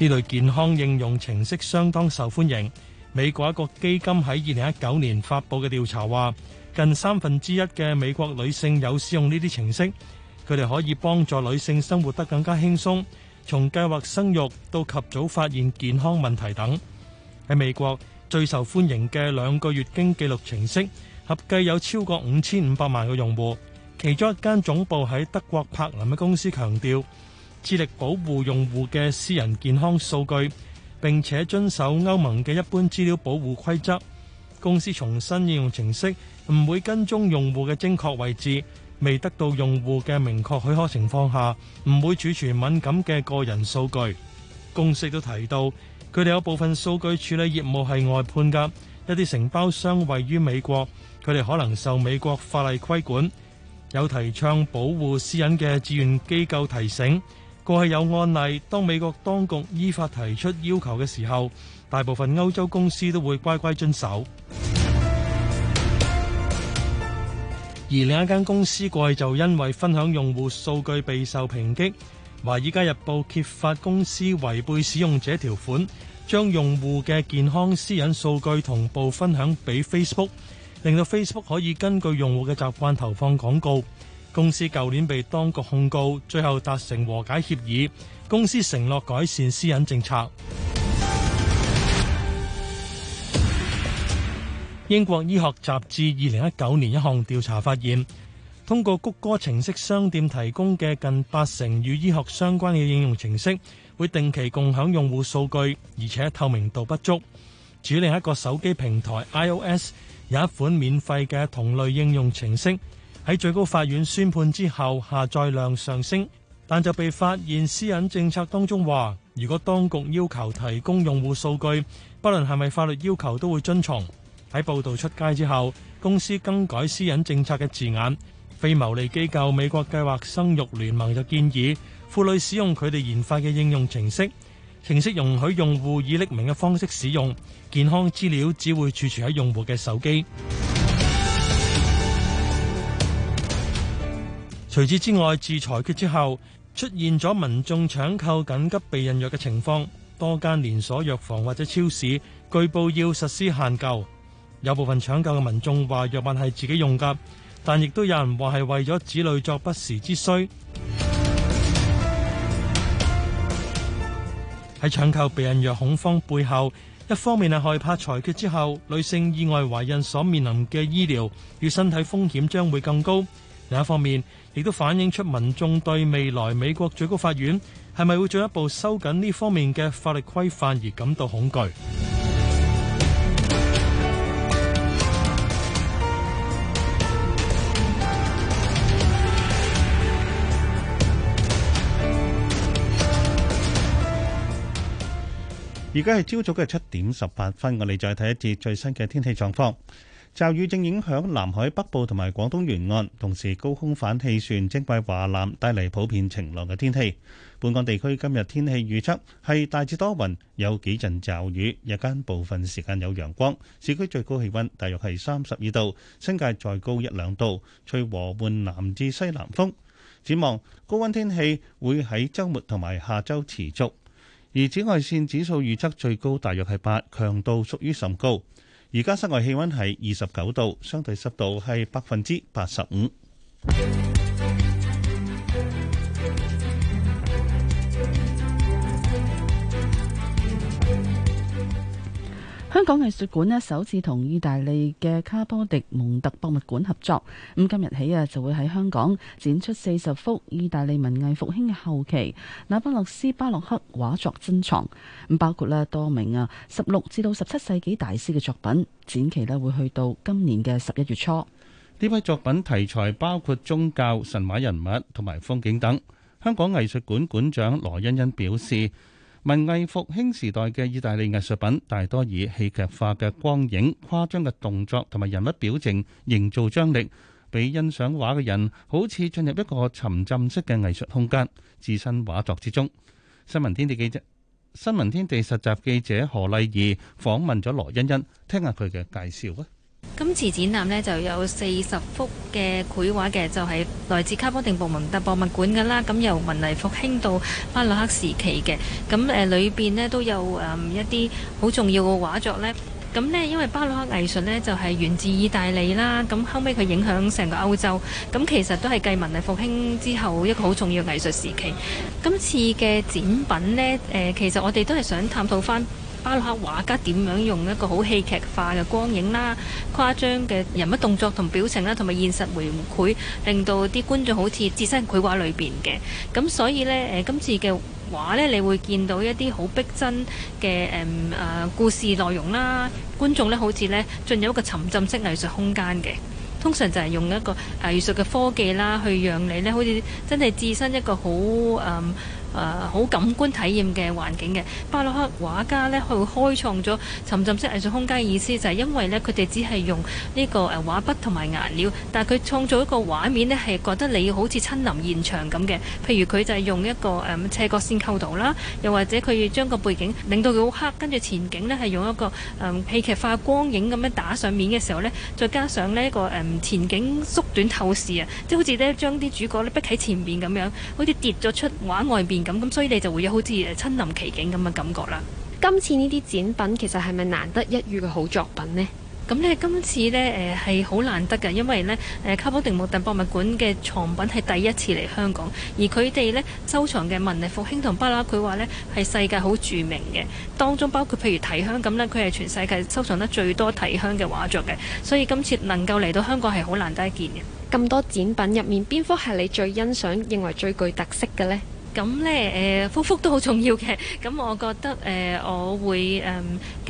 S17: 呢類健康應用程式相當受歡迎。美國一個基金喺二零一九年發布嘅調查話，近三分之一嘅美國女性有使用呢啲程式，佢哋可以幫助女性生活得更加輕鬆，從計劃生育到及早發現健康問題等。喺美國最受歡迎嘅兩個月經記錄程式，合計有超過五千五百萬個用戶。其中一間總部喺德國柏林嘅公司強調。致力保護用戶嘅私人健康數據，並且遵守歐盟嘅一般資料保護規則。公司重新應用程式唔會跟蹤用戶嘅精確位置，未得到用戶嘅明確許可情況下，唔會儲存敏感嘅個人數據。公司亦都提到，佢哋有部分數據處理業務係外判㗎，一啲承包商位於美國，佢哋可能受美國法例規管。有提倡保護私隱嘅志願機構提醒。過去有案例，當美國當局依法提出要求嘅時候，大部分歐洲公司都會乖乖遵守。而另一間公司過去就因為分享用戶數據備受抨擊，華爾街日報揭發公司違背使用者條款，將用戶嘅健康私隱數據同步分享俾 Facebook，令到 Facebook 可以根據用戶嘅習慣投放廣告。公司舊年被當局控告，最後達成和解協議。公司承諾改善私隱政策。英國醫學雜誌二零一九年一項調查發現，通過谷歌程式商店提供嘅近八成與醫學相關嘅應用程式，會定期共享用戶數據，而且透明度不足。至於另一個手機平台 iOS，有一款免費嘅同類應用程式。喺最高法院宣判之後，下載量上升，但就被發現私隱政策當中話，如果當局要求提供用戶數據，不論係咪法律要求，都會遵從。喺報道出街之後，公司更改私隱政策嘅字眼。非牟利機構美國計劃生育聯盟就建議，婦女使用佢哋研發嘅應用程式，程式容許用戶以匿名嘅方式使用，健康資料只會儲存喺用戶嘅手機。除此之外，自裁決之後出現咗民眾搶購緊急避孕藥嘅情況，多間連鎖藥房或者超市據報要實施限購。有部分搶購嘅民眾話藥物係自己用㗎，但亦都有人話係為咗子女作不時之需。喺搶購避孕藥恐慌背後，一方面係害怕裁決之後女性意外懷孕所面臨嘅醫療與身體風險將會更高。另一方面，亦都反映出民眾對未來美國最高法院係咪會進一步收緊呢方面嘅法律規範而感到恐懼。
S4: 而家係朝早嘅七點十八分，我哋再睇一節最新嘅天氣狀況。驟雨正影響南海北部同埋廣東沿岸，同時高空反氣旋正為華南帶嚟普遍晴朗嘅天氣。本港地區今日天氣預測係大致多雲，有幾陣驟雨，日間部分時間有陽光。市區最高氣溫大約係三十二度，新界再高一兩度，吹和緩南至西南風。展望高溫天氣會喺周末同埋下周持續，而紫外線指數預測最高大約係八，強度屬於甚高。而家室外氣溫係二十九度，相對濕度係百分之八十五。
S3: 香港藝術館咧首次同意大利嘅卡波迪蒙特博物館合作，咁今日起啊就會喺香港展出四十幅意大利文藝復興嘅後期那不勒斯巴洛克畫作珍藏，咁包括啦多名啊十六至到十七世紀大師嘅作品，展期咧會去到今年嘅十一月初。
S4: 呢批作品題材包括宗教、神話人物同埋風景等。香港藝術館館館長羅欣欣欣表示。文藝復興時代嘅意大利藝術品，大多以戲劇化嘅光影，誇張嘅動作同埋人物表情，營造張力，俾欣賞畫嘅人好似進入一個沉浸式嘅藝術空間，置身畫作之中。新聞天地記者，新聞天地實習記者何麗儀訪問咗羅欣欣，聽下佢嘅介紹啊。
S13: 今次展覽咧就有四十幅嘅繪畫嘅，就係、是、來自卡波定部門特博物館噶啦。咁由文藝復興到巴洛克時期嘅，咁、嗯、誒、呃、裏邊咧都有誒、嗯、一啲好重要嘅畫作呢。咁、嗯、呢，因為巴洛克藝術呢就係、是、源自意大利啦，咁、嗯、後尾佢影響成個歐洲。咁、嗯、其實都係繼文藝復興之後一個好重要嘅藝術時期。今次嘅展品呢，誒、呃、其實我哋都係想探討返。巴洛克畫家點樣用一個好戲劇化嘅光影啦、啊、誇張嘅人物動作同表情啦、啊，同埋現實回饋，令到啲觀眾好似置身繪畫裏邊嘅。咁所以呢，誒今次嘅畫呢，你會見到一啲好逼真嘅誒誒故事內容啦、啊，觀眾呢，好似呢，進入一個沉浸式藝術空間嘅。通常就係用一個藝術嘅科技啦，去讓你呢，好似真係置身一個好誒。嗯誒好、呃、感官體驗嘅環境嘅。巴洛克畫家呢，佢會開創咗沉浸式藝術空間嘅意思，就係因為呢，佢哋只係用呢個誒畫筆同埋顏料，但係佢創造一個畫面呢，係覺得你好似親臨現場咁嘅。譬如佢就係用一個誒、嗯、斜角線構圖啦，又或者佢將個背景令到佢好黑，跟住前景呢，係用一個誒、嗯、戲劇化光影咁樣打上面嘅時候呢，再加上呢一個誒、嗯、前景縮短透視啊，即係好似呢，將啲主角呢逼喺前面咁樣，好似跌咗出畫外邊。咁咁，所以你就會有好似親臨其境咁嘅感覺啦。今次呢啲展品，其實係咪難得一遇嘅好作品呢？咁咧，今次呢誒係好難得嘅，因為呢誒，卡邦迪莫特博物館嘅藏品係第一次嚟香港，而佢哋呢收藏嘅文藝復興同巴拉，佢話呢係世界好著名嘅，當中包括譬如提香咁呢，佢係全世界收藏得最多提香嘅畫作嘅，所以今次能夠嚟到香港係好難得一見嘅。咁多展品入面，邊幅係你最欣賞、認為最具特色嘅呢？咁呢幅幅、呃、都好重要嘅。咁我覺得，呃、我會誒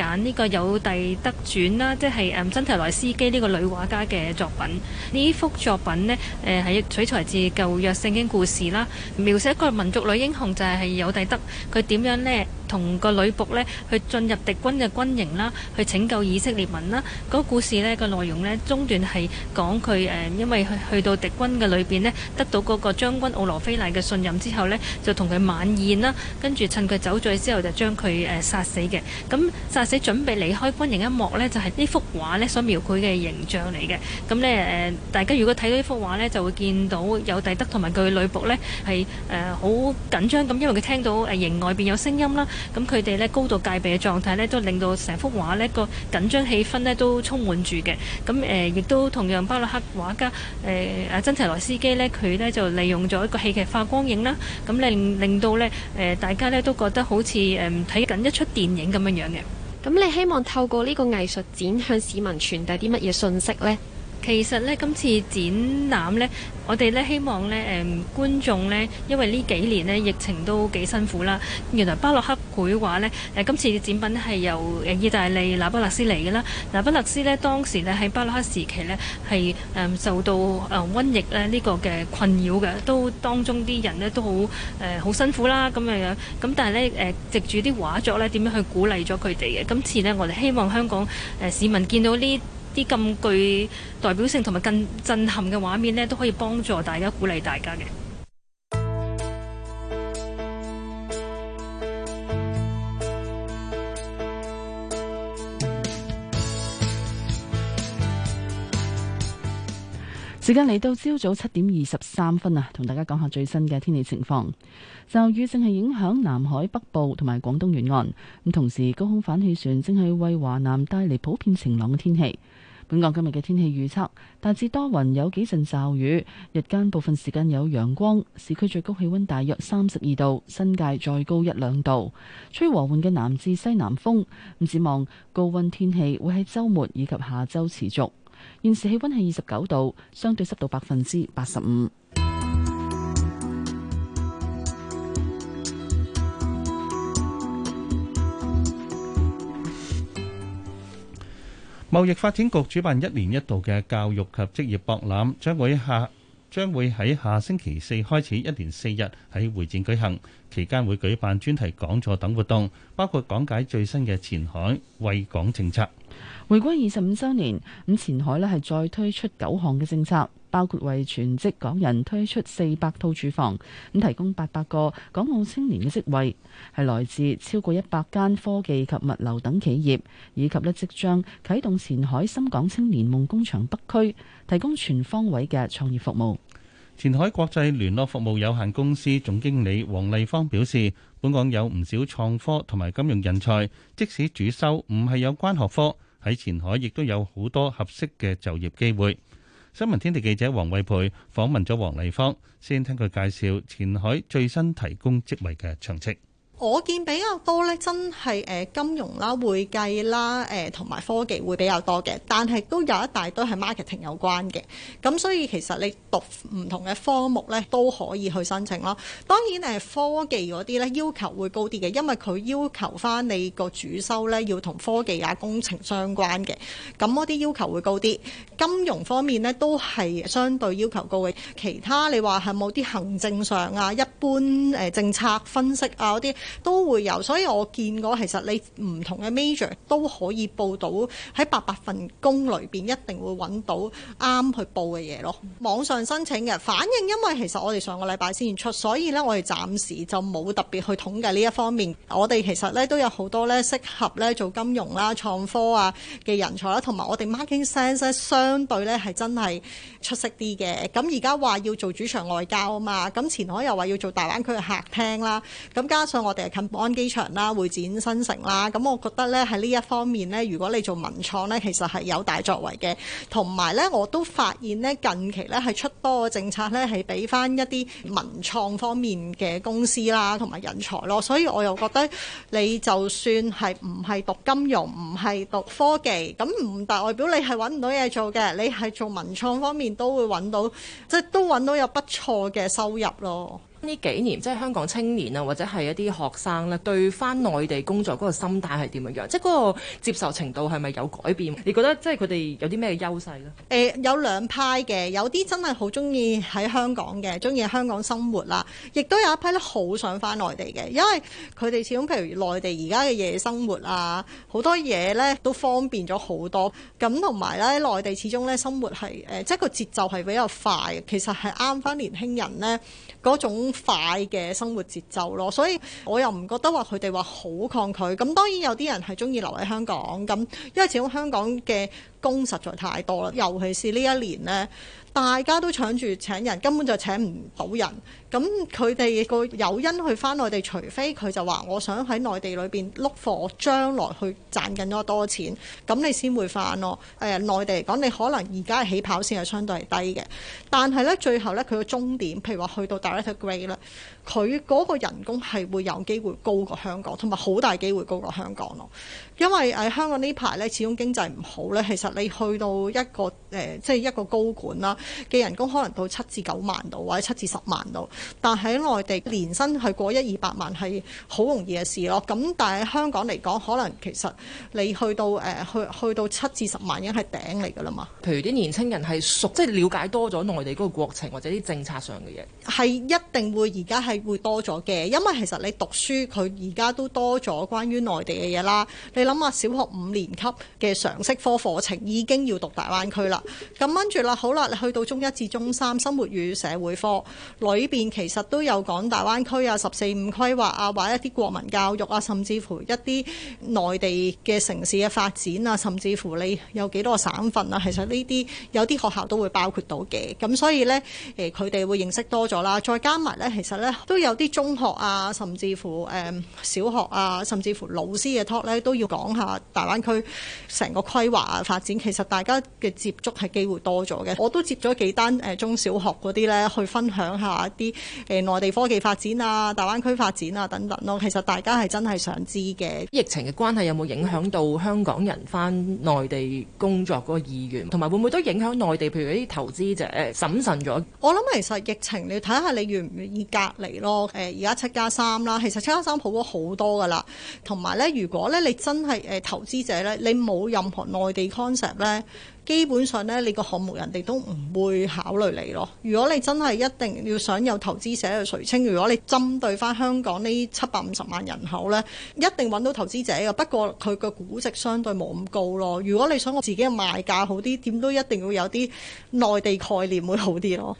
S13: 揀呢個有帝德傳啦，即係真提萊斯基呢個女畫家嘅作品。呢幅作品呢，誒、呃、係取材自舊約聖經故事啦，描寫一個民族女英雄就係有帝德。佢點樣呢？同個女僕咧去進入敵軍嘅軍營啦，去拯救以色列民啦。嗰個故事咧個內容咧中段係講佢誒，因為去去到敵軍嘅裏邊咧，得到嗰個將軍奧羅菲尼嘅信任之後咧，就同佢晚宴啦，跟住趁佢酒醉之後就將佢誒殺死嘅。咁殺死準備離開軍營一幕咧，就係呢幅畫咧所描繪嘅形象嚟嘅。咁咧誒，大家如果睇到呢幅畫咧，就會見到有弟德同埋佢嘅女僕咧係誒好緊張咁，因為佢聽到誒營外邊有聲音啦。咁佢哋咧高度戒備嘅狀態咧，都令到成幅畫咧個緊張氣氛咧都充滿住嘅。咁誒亦都同樣，巴洛克畫家誒阿、呃、珍提萊斯基咧，佢咧就利用咗一個戲劇化光影啦。咁令令到咧誒大家咧都覺得好似誒睇緊一出電影咁樣樣嘅。咁你希望透過呢個藝術展向市民傳遞啲乜嘢信息呢？其實呢，今次展覽呢，我哋呢，希望呢，誒、呃、觀眾呢，因為呢幾年呢，疫情都幾辛苦啦。原來巴洛克繪畫呢，誒、呃、今次展品呢係由誒意大利那不勒斯嚟嘅啦。那不勒斯呢，當時呢，喺巴洛克時期呢，係誒、呃、受到誒瘟疫咧呢個嘅困擾嘅，都當中啲人呢，都好誒好辛苦啦咁樣樣。咁但係呢，誒、呃、藉住啲畫作呢，點樣去鼓勵咗佢哋嘅。今次呢，我哋希望香港誒、呃、市民見到呢。啲咁具代表性同埋更震撼嘅畫面咧，都可以幫助大家鼓勵大家嘅。
S3: 時間嚟到朝早七點二十三分啊，同大家講下最新嘅天氣情況。驟雨正係影響南海北部同埋廣東沿岸，咁同時高空反氣旋正係為華南帶嚟普遍晴朗嘅天氣。本港今日嘅天氣預測大致多雲，有幾陣驟雨，日間部分時間有陽光。市區最高氣溫大約三十二度，新界再高一兩度。吹和緩嘅南至西南風。咁指望高溫天氣會喺周末以及下周持續。現時氣溫係二十九度，相對濕度百分之八十五。
S4: 貿易發展局主辦一年一度嘅教育及職業博覽，將會下將會喺下星期四開始，一連四日喺會展舉行。期間會舉辦專題講座等活動，包括講解最新嘅前海惠港政策。
S3: 回歸二十五周年，咁前海呢係再推出九項嘅政策，包括為全職港人推出四百套住房，咁提供八百個港澳青年嘅職位，係來自超過一百間科技及物流等企業，以及呢即將啟動前海深港青年夢工場北區，提供全方位嘅創業服務。
S4: 前海國際聯絡服務有限公司總經理王麗芳表示，本港有唔少創科同埋金融人才，即使主修唔係有關學科。喺前海亦都有好多合適嘅就業機會。新聞天地記者黃慧培訪問咗黃麗芳，先聽佢介紹前海最新提供職位嘅詳情。
S16: 我見比較多咧，真係誒金融啦、會計啦、誒同埋科技會比較多嘅，但係都有一大堆係 marketing 有關嘅。咁所以其實你讀唔同嘅科目咧，都可以去申請咯。當然誒、呃、科技嗰啲咧要求會高啲嘅，因為佢要求翻你個主修咧要同科技啊工程相關嘅，咁嗰啲要求會高啲。金融方面咧都係相對要求高嘅。其他你話係冇啲行政上啊、一般誒政策分析啊嗰啲。都會有，所以我見過其實你唔同嘅 major 都可以報到，喺八百份工裏邊，一定會揾到啱去報嘅嘢咯。網上申請嘅反應，因為其實我哋上個禮拜先出，所以呢，我哋暫時就冇特別去統計呢一方面。我哋其實呢都有好多呢適合呢做金融啦、創科啊嘅人才啦，同埋我哋 marking sense 呢相對呢係真係出色啲嘅。咁而家話要做主場外交啊嘛，咁前海又話要做大灣區嘅客廳啦，咁加上我哋。近寶安機場啦，會展新城啦，咁我覺得咧喺呢一方面咧，如果你做文創咧，其實係有大作為嘅。同埋咧，我都發現咧近期咧係出多個政策咧，係俾翻一啲文創方面嘅公司啦，同埋人才咯。所以我又覺得你就算係唔係讀金融，唔係讀科技，咁唔代表你係揾唔到嘢做嘅。你係做文創方面都會揾到，即係都揾到有不錯嘅收入咯。
S6: 呢幾年即係香港青年啊，或者係一啲學生咧，對翻內地工作嗰個心態係點樣樣？即係嗰個接受程度係咪有改變？你覺得即係佢哋有啲咩優勢咧？誒、欸，有
S16: 兩派嘅，有啲真係好中意喺香港嘅，中意香港生活啦。亦都有一批咧好想翻內地嘅，因為佢哋始終譬如內地而家嘅夜生活啊，好多嘢咧都方便咗好多。咁同埋咧，內地始終咧生活係誒，即係個節奏係比較快，其實係啱翻年輕人咧。嗰種快嘅生活節奏咯，所以我又唔覺得話佢哋話好抗拒。咁當然有啲人係鍾意留喺香港咁，因為始終香港嘅工實在太多啦，尤其是呢一年呢，大家都搶住請人，根本就請唔到人。咁佢哋個誘因去翻內地，除非佢就話我想喺內地裏邊碌貨，將來去賺更多錢，咁你先會翻咯。誒、呃、內地嚟講，你可能而家起跑線係相對係低嘅，但係咧最後咧佢個終點，譬如話去到 direct grade 咧，佢嗰個人工係會有機會高過香港，同埋好大機會高過香港咯。因為喺香港呢排咧，始終經濟唔好咧，其實你去到一個誒、呃，即係一個高管啦嘅人工，可能到七至九萬度，或者七至十萬度。但喺內地年薪係過一二百萬係好容易嘅事咯，咁但係香港嚟講，可能其實你去到誒、呃、去去到七至十萬已經係頂嚟嘅啦嘛。譬如啲年青人係熟，即、就、係、是、
S6: 了解多咗內地
S16: 嗰個國情或者啲政策上嘅嘢，係一定會而家係會多咗嘅，因為其實你讀書佢而家都多咗關於內地嘅嘢啦。你諗下小學五年級嘅常識科課程已經要讀大灣區啦，咁跟住啦，好啦，你去到中一至中三生活與社會科裏邊，裏面其實都有講大灣區啊、十四五規劃啊，或者一啲國民教育啊，甚至乎一啲內地嘅城市嘅發展啊，甚至乎你有幾多個省份啊？其實呢啲有啲學校都會包括到嘅，咁所以呢，誒、呃，佢哋會認識多咗啦。再加埋呢，其實呢都有啲中學啊，甚至乎誒、嗯、小學啊，甚至乎老師嘅 talk 呢都要講下大灣區成個規劃啊、發展。其實大家嘅接觸係機會多咗嘅。我都接咗幾單誒中小學嗰啲呢，去分享下一啲。誒、呃、內地科技發展啊，大灣區發展啊等等咯，其實大家係真係想知嘅。疫情嘅關係有冇影響到香港人翻內地工作嗰個意願，同埋會唔會都影響內地譬如啲
S6: 投資者審慎咗？
S16: 我諗其實疫情你要睇下你願唔願意隔離咯。誒而家七加三啦，其實七加三好咗好多噶啦。同埋呢，如果咧你真係誒、呃、投資者呢，你冇任何內地 concept 咧。基本上咧，你個項目人哋都唔會考慮你咯。如果你真係一定要想有投資者去垂青，如果你針對翻香港呢七百五十萬人口呢，一定揾到投資者嘅。不過佢個估值相對冇咁高咯。如果你想我自己嘅賣價好啲，點都一定要有啲內地概念會好啲咯。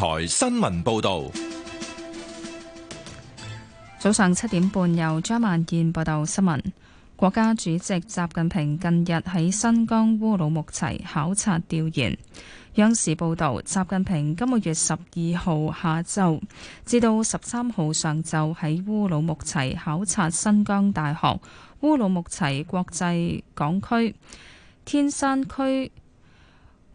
S1: 台新聞報導，
S15: 早上七點半由張萬燕報道新聞。國家主席習近平近日喺新疆烏魯木齊考察調研。央視報導，習近平今個月十二號下晝至到十三號上晝喺烏魯木齊考察新疆大學、烏魯木齊國際港區、天山區、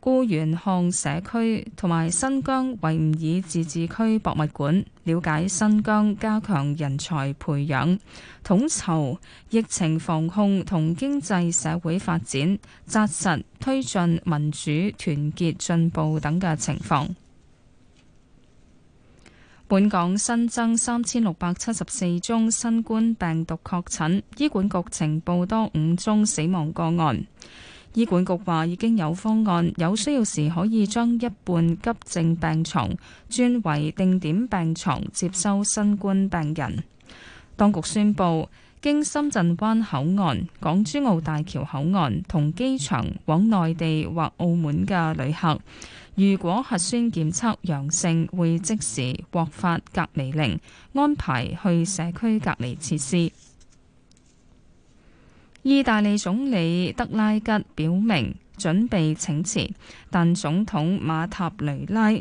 S15: 沽源巷社區同埋新疆維吾爾自治區博物館，了解新疆加強人才培養、統籌疫情防控同經濟社會發展、紮實推進民主團結進步等嘅情況。本港新增三千六百七十四宗新冠病毒確診，醫管局呈報多五宗死亡個案。醫管局話已經有方案，有需要時可以將一半急症病床轉為定點病床接收新冠病人。當局宣布，經深圳灣口岸、港珠澳大橋口岸同機場往內地或澳門嘅旅客，如果核酸檢測陽性，會即時獲發隔離令，安排去社區隔離設施。意大利總理德拉吉表明準備請辭，但總統馬塔雷拉拒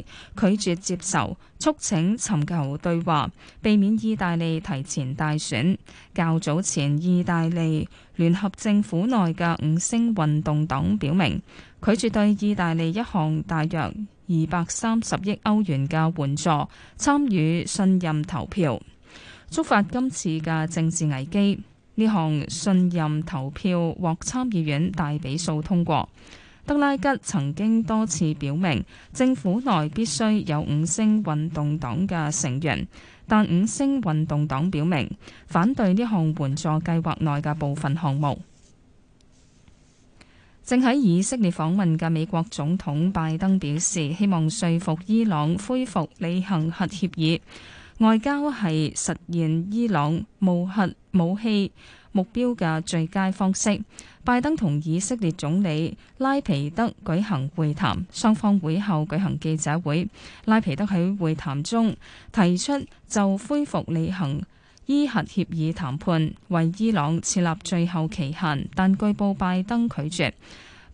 S15: 絕接受，促請尋求對話，避免意大利提前大選。較早前，意大利聯合政府內嘅五星運動黨表明拒絕對意大利一項大約二百三十億歐元嘅援助參與信任投票，觸發今次嘅政治危機。呢項信任投票獲參議院大比數通過。德拉吉曾經多次表明，政府內必須有五星運動黨嘅成員，但五星運動黨表明反對呢項援助計劃內嘅部分項目。正喺以色列訪問嘅美國總統拜登表示，希望說服伊朗恢復履行核協議。外交係實現伊朗無核武器目標嘅最佳方式。拜登同以色列總理拉皮德舉行會談，雙方會後舉行記者會。拉皮德喺會談中提出就恢復履行伊核協議談判，為伊朗設立最後期限，但據報拜登拒絕。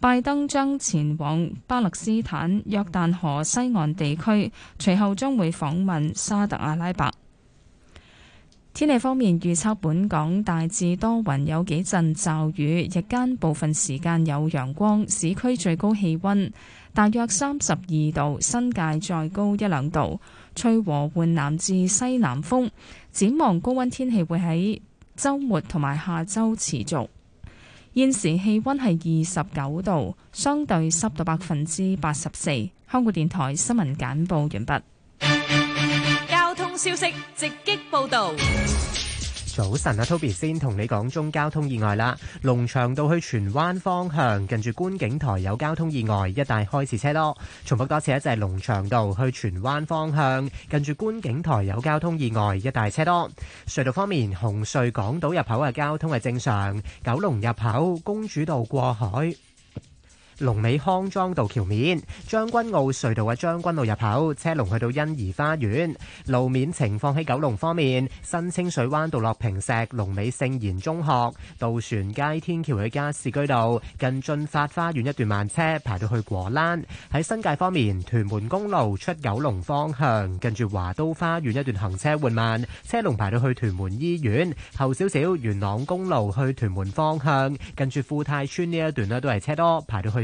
S15: 拜登將前往巴勒斯坦約旦河西岸地區，隨後將會訪問沙特阿拉伯。天氣方面預測，預測本港大致多雲，有幾陣驟雨，日間部分時間有陽光。市區最高氣温大約三十二度，新界再高一兩度。吹和緩南至西南風。展望高温天氣會喺周末同埋下周持續。現時氣溫係二十九度，相對濕度百分之八十四。香港電台新聞簡報完畢。
S3: 交
S13: 通消息直擊報道。
S14: 早晨啊，Toby 先同你講中交通意外啦，龍翔道去荃灣方向近住觀景台有交通意外，一帶開始車多。重複多次一就係龍翔道去荃灣方向近住觀景台有交通意外，一帶車多。隧道方面，紅隧港島入口嘅交通係正常，九龍入口公主道過海。龍尾康莊道橋面、將軍澳隧道嘅將軍路入口車龍去到欣怡花園路面情況。喺九龍方面，新清水灣道落坪石、龍尾聖賢中學、渡船街天橋嘅加士居道近駿發花園一段慢車排到去果欄。喺新界方面，屯門公路出九龍方向跟住華都花園一段行車緩慢，車龍排到去屯門醫院後少少。元朗公路去屯門方向跟住富泰村呢一段咧都係車多排到去，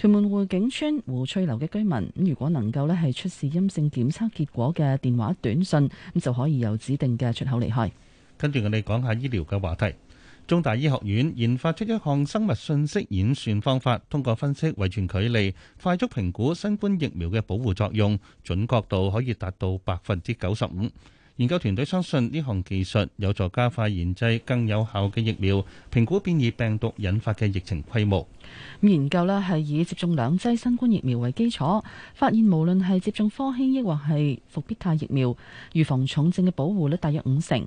S3: 屯門湖景村湖翠樓嘅居民，如果能夠咧係出示陰性檢測結果嘅電話短信，咁就可以由指定嘅出口離開。
S4: 跟住我哋講下醫療嘅話題。中大醫學院研發出一項生物信息演算方法，通過分析遺傳距離，快速評估新冠疫苗嘅保護作用，準確度可以達到百分之九十五。研究團隊相信呢項技術有助加快研製更有效嘅疫苗，評估變異病毒引發嘅疫情規模。
S3: 研究呢係以接種兩劑新冠疫苗為基礎，發現無論係接種科興抑或係復必泰疫苗，預防重症嘅保護率大約五成。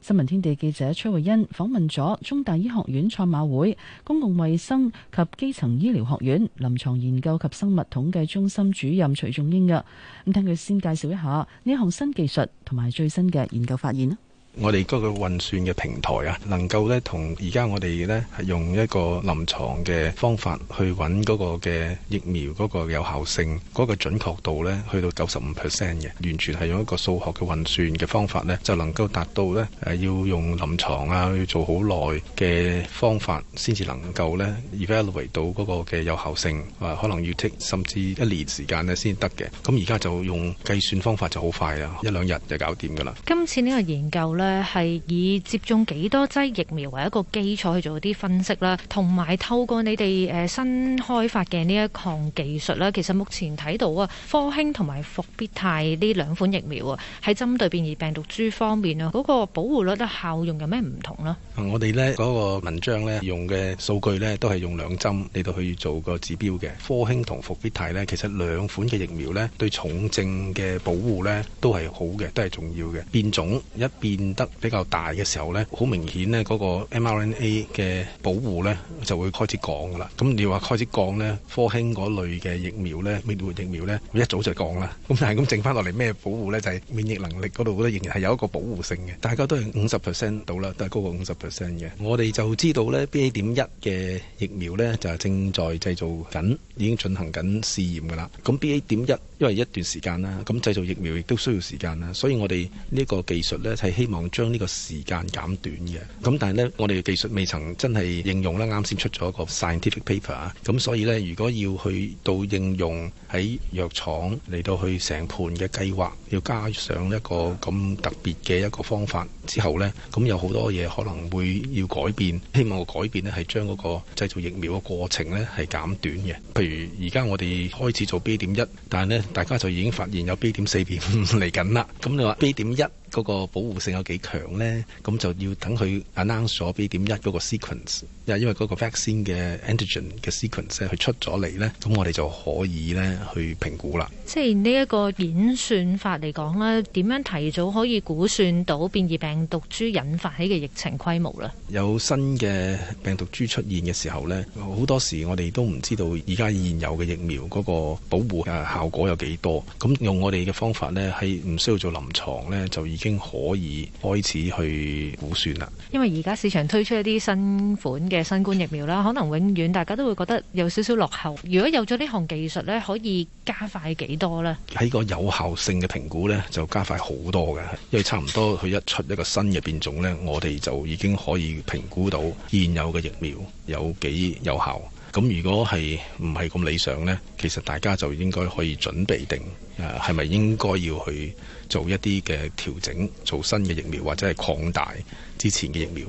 S3: 新聞天地記者崔慧欣訪問咗中大醫學院賽馬會公共衛生及基層醫療學院臨床研究及生物統計中心主任徐仲英嘅，咁聽佢先介紹一下呢項新技術同埋最新嘅研究發現。
S8: 我哋個運算嘅平台啊，能夠咧同而家我哋咧係用一個臨床嘅方法去揾個嘅疫苗個有效性、個準確度咧，去到九十五 percent 嘅，完全係用一個數學嘅運算嘅方法咧，就能夠達到咧誒要用臨床啊，要做好耐嘅方法先至能夠咧 evaluate 到個嘅有效性啊，可能要 take 甚至一年時間咧先得嘅，咁而家就用計算方法就好快啦，一兩日就搞掂㗎啦。
S13: 今次呢個研究咧。誒，係以接種幾多劑疫苗為一個基礎去做啲分析啦，同埋透過你哋誒新開發嘅呢一項技術啦。其實目前睇到啊，科興同埋復必泰呢兩款疫苗啊，喺針對變異病毒株方面啊，嗰、那個保護率咧、效用有咩唔同咧？
S8: 我哋呢嗰、那個文章咧用嘅數據咧，都係用兩針嚟到去做個指標嘅。科興同復必泰呢，其實兩款嘅疫苗咧，對重症嘅保護咧都係好嘅，都係重要嘅。變種一變，得比較大嘅時候咧，好明顯咧，嗰個 mRNA 嘅保護咧就會開始降噶啦。咁你話開始降咧，科興嗰類嘅疫苗咧，滅活疫苗咧，一早就降啦。咁但係咁剩翻落嚟咩保護咧，就係免疫能力嗰度咧，仍然係有一個保護性嘅。大家都係五十 percent 到啦，都係高過五十 percent 嘅。我哋就知道咧，BA. 點一嘅疫苗咧就係正在製造緊，已經進行緊試驗噶啦。咁 BA. 點一因為一段時間啦，咁製造疫苗亦都需要時間啦，所以我哋呢個技術咧係希望，將呢個時間減短嘅，咁但係呢，我哋技術未曾真係應用啦。啱先出咗一個 scientific paper 啊，咁所以呢，如果要去到應用喺藥廠嚟到去成盤嘅計劃，要加上一個咁特別嘅一個方法之後呢，咁有好多嘢可能會要改變。希望個改變呢係將嗰個製造疫苗嘅過程呢係減短嘅。譬如而家我哋開始做 B 點一，但係呢，大家就已經發現有 B 點四點五嚟緊啦。咁你話 B 點一？嗰個保護性有幾強咧？咁就要等佢 announce 咗 B. 點一嗰個 sequence，因為因為嗰個 vaccine 嘅 antigen 嘅 sequence 咧，佢出咗嚟咧，咁我哋就可以咧去評估啦。
S13: 即係呢一個演算法嚟講咧，點樣提早可以估算到變異病毒株引發起嘅疫情規模咧？
S8: 有新嘅病毒株出現嘅時候咧，好多時我哋都唔知道而家現有嘅疫苗嗰個保護誒效果有幾多？咁用我哋嘅方法咧，係唔需要做臨床咧就已經可以開始去估算啦。
S13: 因為而家市場推出一啲新款嘅新冠疫苗啦，可能永遠大家都會覺得有少少落後。如果有咗呢項技術呢，可以加快幾多呢？
S8: 喺個有效性嘅評估呢，就加快好多嘅，因為差唔多佢一出一個新嘅變種呢，我哋就已經可以評估到現有嘅疫苗有幾有效。咁如果係唔係咁理想呢？其實大家就應該可以準備定誒，係咪應該要去？做一啲嘅調整，做新嘅疫苗，或者係擴大之前嘅疫苗。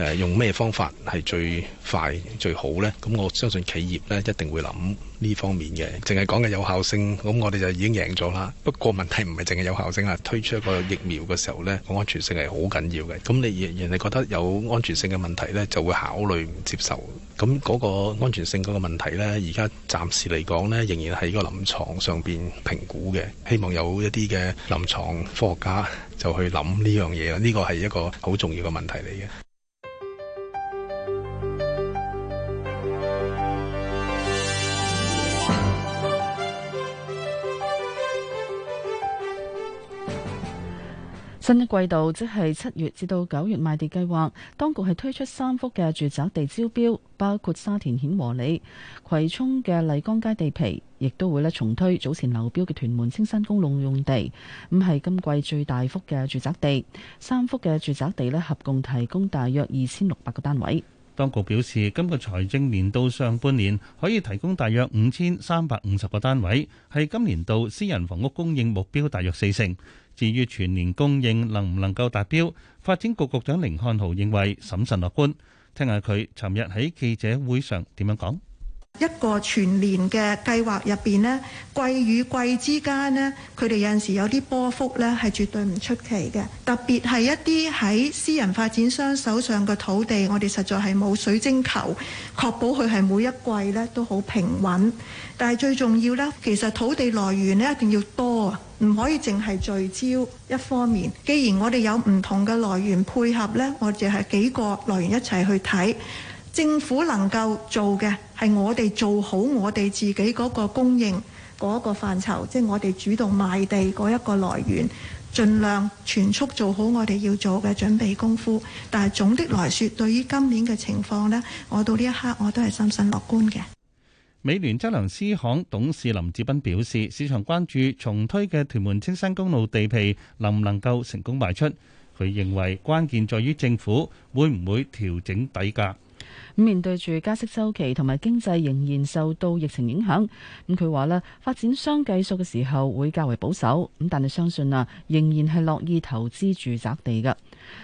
S8: 誒用咩方法係最快最好呢？咁我相信企業呢，一定會諗呢方面嘅。淨係講嘅有效性，咁我哋就已經贏咗啦。不過問題唔係淨係有效性啊，推出一個疫苗嘅時候呢，個安全性係好緊要嘅。咁你人哋覺得有安全性嘅問題呢，就會考慮唔接受。咁嗰個安全性嗰個問題呢，而家暫時嚟講呢，仍然係個臨床上邊評估嘅。希望有一啲嘅臨床科學家就去諗呢樣嘢。呢個係一個好重要嘅問題嚟嘅。
S3: 新一季度，即係七月至到九月賣地計劃，當局係推出三幅嘅住宅地招標，包括沙田顯和里、葵涌嘅麗江街地皮，亦都會咧重推早前流標嘅屯門青山公路用地，咁係今季最大幅嘅住宅地。三幅嘅住宅地咧合共提供大約二千六百個單位。
S4: 當局表示，今個財政年度上半年可以提供大約五千三百五十個單位，係今年度私人房屋供應目標大約四成。至於全年供應能唔能夠達標，發展局局長甯漢豪認為審慎樂觀。聽下佢尋日喺記者會上點樣講。一
S16: 個全年嘅計劃入邊咧，季與季之間咧，佢哋有陣時有啲波幅咧係絕對唔出奇嘅。特別係一啲喺私人發展商手上嘅土地，我哋實在係冇水晶球確保佢係每一季咧都好平穩。但係最重要咧，其實土地來源咧一定要多啊，唔可以淨係聚焦一方面。既然我哋有唔同嘅來源配合，呢我哋係幾個來源一齊去睇。政府能夠做嘅係我哋做好我哋自己嗰個供應嗰一個範疇，即係我哋主動賣地嗰一個來源，盡量全速做好我哋要做嘅準備功夫。但係總的來說，對於今年嘅情況呢，我到呢一刻我都係深信樂觀嘅。
S4: 美聯質量師行董事林志斌表示，市場關注重推嘅屯門青山公路地皮能唔能夠成功賣出。佢認為關鍵在於政府會唔會調整底價。
S3: 面對住加息週期同埋經濟仍然受到疫情影響，咁佢話咧發展商計數嘅時候會較為保守。咁但係相信啊，仍然係樂意投資住宅地嘅。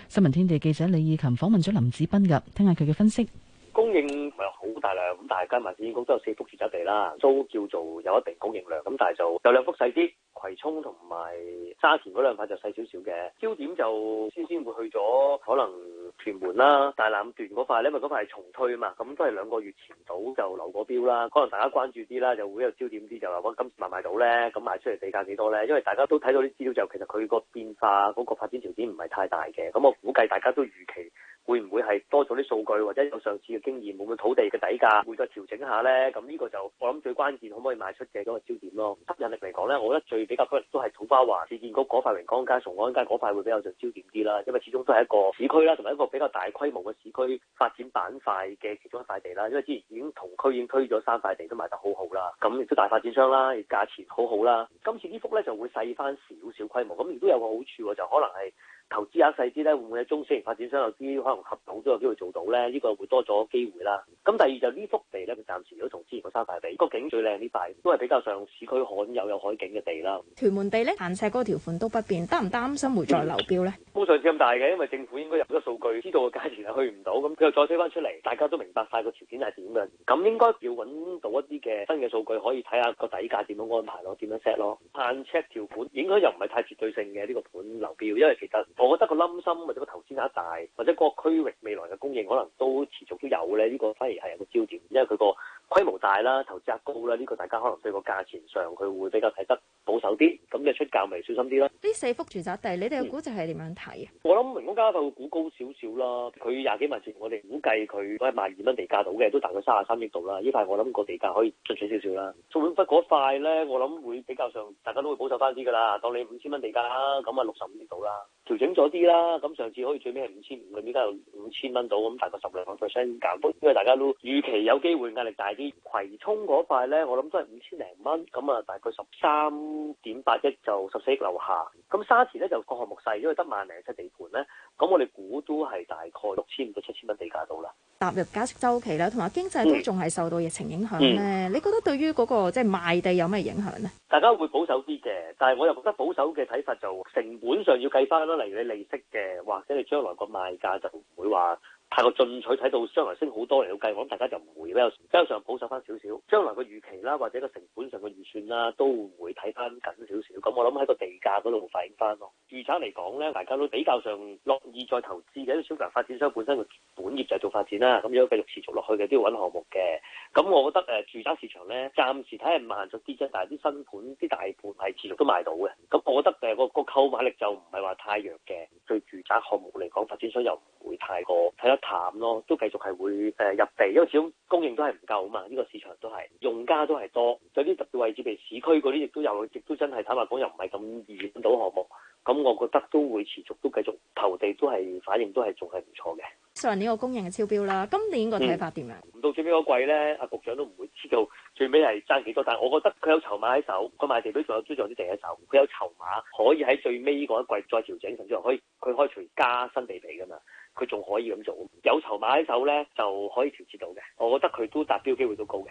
S3: 新聞天地記者李以琴訪問咗林志斌噶，聽下佢嘅分析。
S9: 供應唔係好大量咁，大家間萬業發都有四幅住宅地啦，都叫做有一定供應量。咁但係就有兩幅細啲，葵涌同埋沙田嗰兩塊就細少少嘅。焦點就先先會去咗可能屯門啦、大欖段嗰塊，因為嗰塊係重推啊嘛，咁都係兩個月前到就留過標啦。可能大家關注啲啦，就會有焦點啲，就話揾今次賣唔賣到咧？咁賣出嚟比價幾多咧？因為大家都睇到啲資料就，就其實佢個變化嗰、嗰個發展條件唔係太大嘅。咁我估計大家都預期。會唔會係多咗啲數據，或者有上次嘅經驗，會唔會土地嘅底價會再調整一下呢？咁呢個就我諗最關鍵，可唔可以賣出嘅嗰個焦點咯。吸引力嚟講呢，我覺得最比較可能都係土瓜灣、市建局嗰塊榮江街、崇安街嗰塊會比較就焦點啲啦。因為始終都係一個市區啦，同埋一個比較大規模嘅市區發展板塊嘅其中一塊地啦。因為之前已經同區已經推咗三塊地都賣得好好啦，咁亦都大發展商啦，亦價錢好好啦。今次呢幅呢就會細翻少少規模，咁亦都有個好處喎、啊，就可能係。投資額細啲咧，會唔會喺中小型發展商有啲可能合同都有機會做到咧？呢、這個會多咗機會啦。咁第二就呢、是、幅地咧，佢暫時都同之前嗰三塊比。個景最靚呢塊，都係比較上市區罕有有海景嘅地啦。
S10: 屯門地咧
S13: 限尺嗰個條款都不變，擔唔擔心會再流標咧？
S9: 冇、嗯、上次咁大嘅，因為政府應該入咗數據，知道個價錢係去唔到，咁佢又再推翻出嚟，大家都明白晒個條件係點樣。咁應該要揾到一啲嘅新嘅數據，可以睇下個底價點樣安排咯，點樣 set 咯？限尺條款應該又唔係太絕對性嘅呢、這個盤流標，因為其實。我覺得個冧心或者個投資額大，或者個區域未來嘅供應可能都持續都有咧，呢、這個反而係一個焦點，因為佢、那個。規模大啦，投資額高啦，呢、這個大家可能對個價錢上佢會比較睇得保守啲，咁你出價咪小心啲啦。
S13: 呢四幅住宅地，你哋嘅估值係點樣睇啊、嗯？
S9: 我諗榮光嘉泰會估高少少啦，佢廿幾萬尺，我哋估計佢都係萬二蚊地價到嘅，都大概三十三億到啦。呢塊我諗個地價可以進取少少啦。蘇永輝嗰塊咧，我諗會比較上，大家都會保守翻啲噶啦。當你五千蚊地價啦，咁啊六十五億到啦。調整咗啲啦，咁上次可以最尾係五千五，而家有五千蚊到，咁大概十兩個 percent 減幅，因為大家都預期有機會壓力大。而葵涌嗰塊咧，我諗都係五千零蚊，咁啊大概十三點八億就十四億樓下。咁沙田咧就個項目細，因為得萬零尺地盤咧，咁我哋估都係大概六千五到七千蚊地價到啦。
S13: 踏入加息周期啦，同埋經濟都仲係受到疫情影響咧。嗯嗯、你覺得對於嗰、那個即係、就是、賣地有咩影響咧？
S9: 大家會保守啲嘅，但係我又覺得保守嘅睇法就成本上要計翻咯，例如你利息嘅，或者你將來個賣價就唔會話，太過進取睇到將來升好多嚟到計，我諗大家就唔會比較，比較上保守翻少少。將來個預期啦，或者個成本上嘅預算啦，都會睇翻緊少少。咁我諗喺個地價嗰度會反映翻咯。住宅嚟講咧，大家都比較上樂意再投資嘅，因為少數發展商本身個本業就係做發展啦，咁如果繼續持續落去嘅，都要揾項目嘅。咁我覺得誒、呃、住宅市場咧，暫時睇係慢咗啲啫，但係啲新盤、啲大盤係持續都賣到嘅。咁我覺得誒、嗰個、嗰個購買力就唔係話太弱嘅，對住宅項目嚟講，發展商又唔會太過係淡咯，都繼續係會誒、呃、入地，因為始終供應都係唔夠啊嘛，呢、這個市場都係用家都係多，有啲特別位置，譬如市區嗰啲，亦都有，亦都真係坦白講又唔係咁易揾到項目。咁我覺得都會持續都繼續投地都，都係反應都係仲係唔錯嘅。
S13: 上年個供應係
S9: 超標啦，今年個睇法點啊？唔、嗯、到最尾嗰季咧，阿局長都唔會知道最尾係爭幾多，但係我覺得佢有籌碼喺手，佢賣地都仲有追上啲地喺手，佢有籌碼可以喺最尾嗰一季再調整，甚至可以佢開除加新地皮噶嘛。佢仲可以咁做，有籌碼喺手咧就可以調節到嘅。我覺得佢都達標機會都高嘅。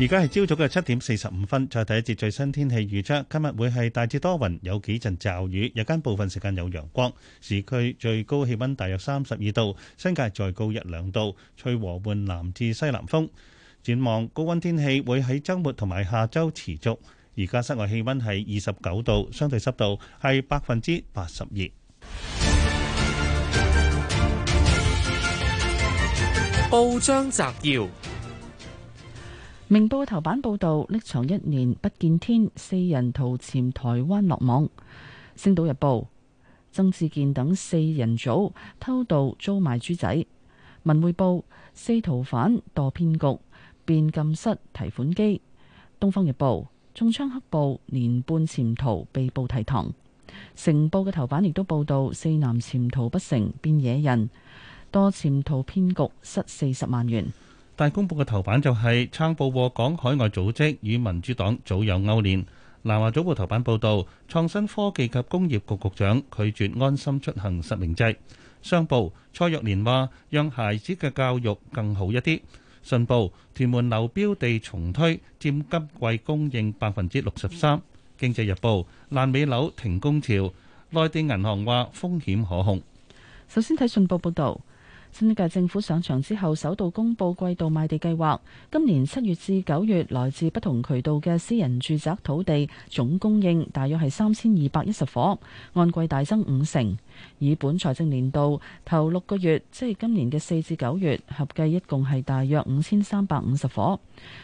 S4: 而家係朝早嘅七點四十五分，再睇一節最新天氣預測。今日會係大致多雲，有幾陣驟雨，日間部分時間有陽光。市區最高氣溫大約三十二度，新界再高一兩度。吹和緩南至西南風。展望高溫天氣會喺周末同埋下周持續。而家室外氣溫係二十九度，相對濕度係百分之八十二。
S11: 報
S12: 章摘要。
S3: 明報嘅頭版報導匿藏一年不見天，四人逃潛台灣落網。星島日報：曾志健等四人組偷渡遭賣豬仔。文匯報：四逃犯墮騙局，變禁失提款機。東方日報：中槍黑暴，年半潛逃被捕提堂。成報嘅頭版亦都報導四男潛逃不成變野人，墮潛逃騙局失四十萬元。
S4: 大公報嘅頭版就係撐暴禍港海外組織與民主黨早有勾連。南華早報頭版報導，創新科技及工業局局長拒絕安心出行實名制。商報蔡若蓮話：讓孩子嘅教育更好一啲。信報屯門樓標地重推，佔今季供應百分之六十三。經濟日報爛尾樓停工潮，內地銀行話風險可控。
S3: 首先睇信報報導。新界政府上場之後，首度公布季度賣地計劃。今年七月至九月，來自不同渠道嘅私人住宅土地總供應大約係三千二百一十伙，按季大增五成。以本財政年度頭六個月，即係今年嘅四至九月，合計一共係大約五千三百五十伙，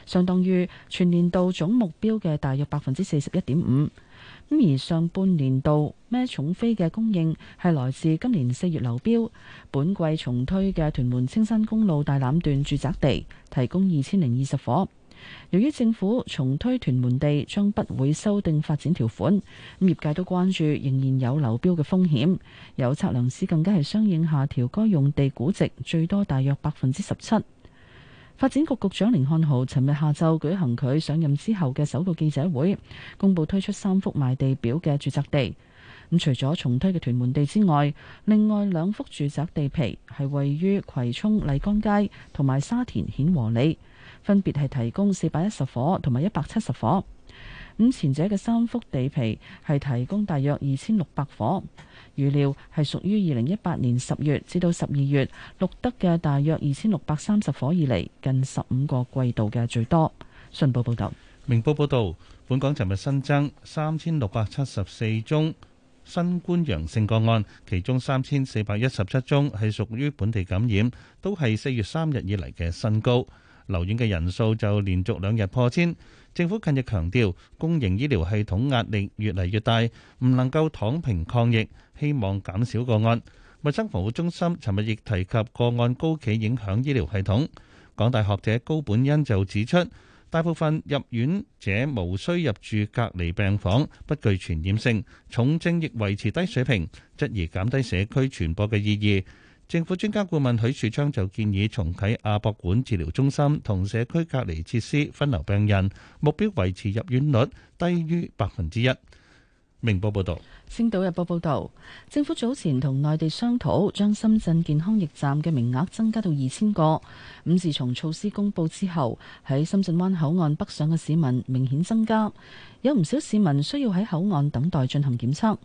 S3: 相當於全年度總目標嘅大約百分之四十一點五。咁而上半年度咩重飛嘅供應係來自今年四月流標，本季重推嘅屯門青山公路大欖段住宅地提供二千零二十伙。由於政府重推屯門地，將不會修訂發展條款，業界都關注仍然有流標嘅風險。有測量師更加係相應下調該用地估值，最多大約百分之十七。發展局局長甯漢豪，尋日下晝舉行佢上任之後嘅首個記者會，公布推出三幅賣地表嘅住宅地。咁、嗯、除咗重推嘅屯門地之外，另外兩幅住宅地皮係位於葵涌麗江街同埋沙田顯和里，分別係提供四百一十伙同埋一百七十伙。咁、嗯、前者嘅三幅地皮係提供大約二千六百伙。預料係屬於二零一八年十月至到十二月錄得嘅大約二千六百三十伙，以嚟近十五個季度嘅最多。信報報道：明報報道，
S4: 本港尋日新增三千六百七十四宗新冠陽性個案，其中三千四百一十七宗係屬於本地感染，都係四月三日以嚟嘅新高。留院嘅人數就連續兩日破千。政府近日強調，公營醫療系統壓力越嚟越大，唔能夠躺平抗疫，希望減少個案。衞生防護中心尋日亦提及個案高企，影響醫療系統。港大學者高本恩就指出，大部分入院者無需入住隔離病房，不具傳染性，重症亦維持低水平，質疑減低社區傳播嘅意義。政府專家顧問許樹昌就建議重啟亞博館治療中心同社區隔離設施，分流病人，目標維持入院率低於百分之一。明報報道。
S3: 星島日報報道，政府早前同內地商討，將深圳健康驛站嘅名額增加到二千個。咁，自從措施公佈之後，喺深圳灣口岸北上嘅市民明顯增加，有唔少市民需要喺口岸等待進行檢測。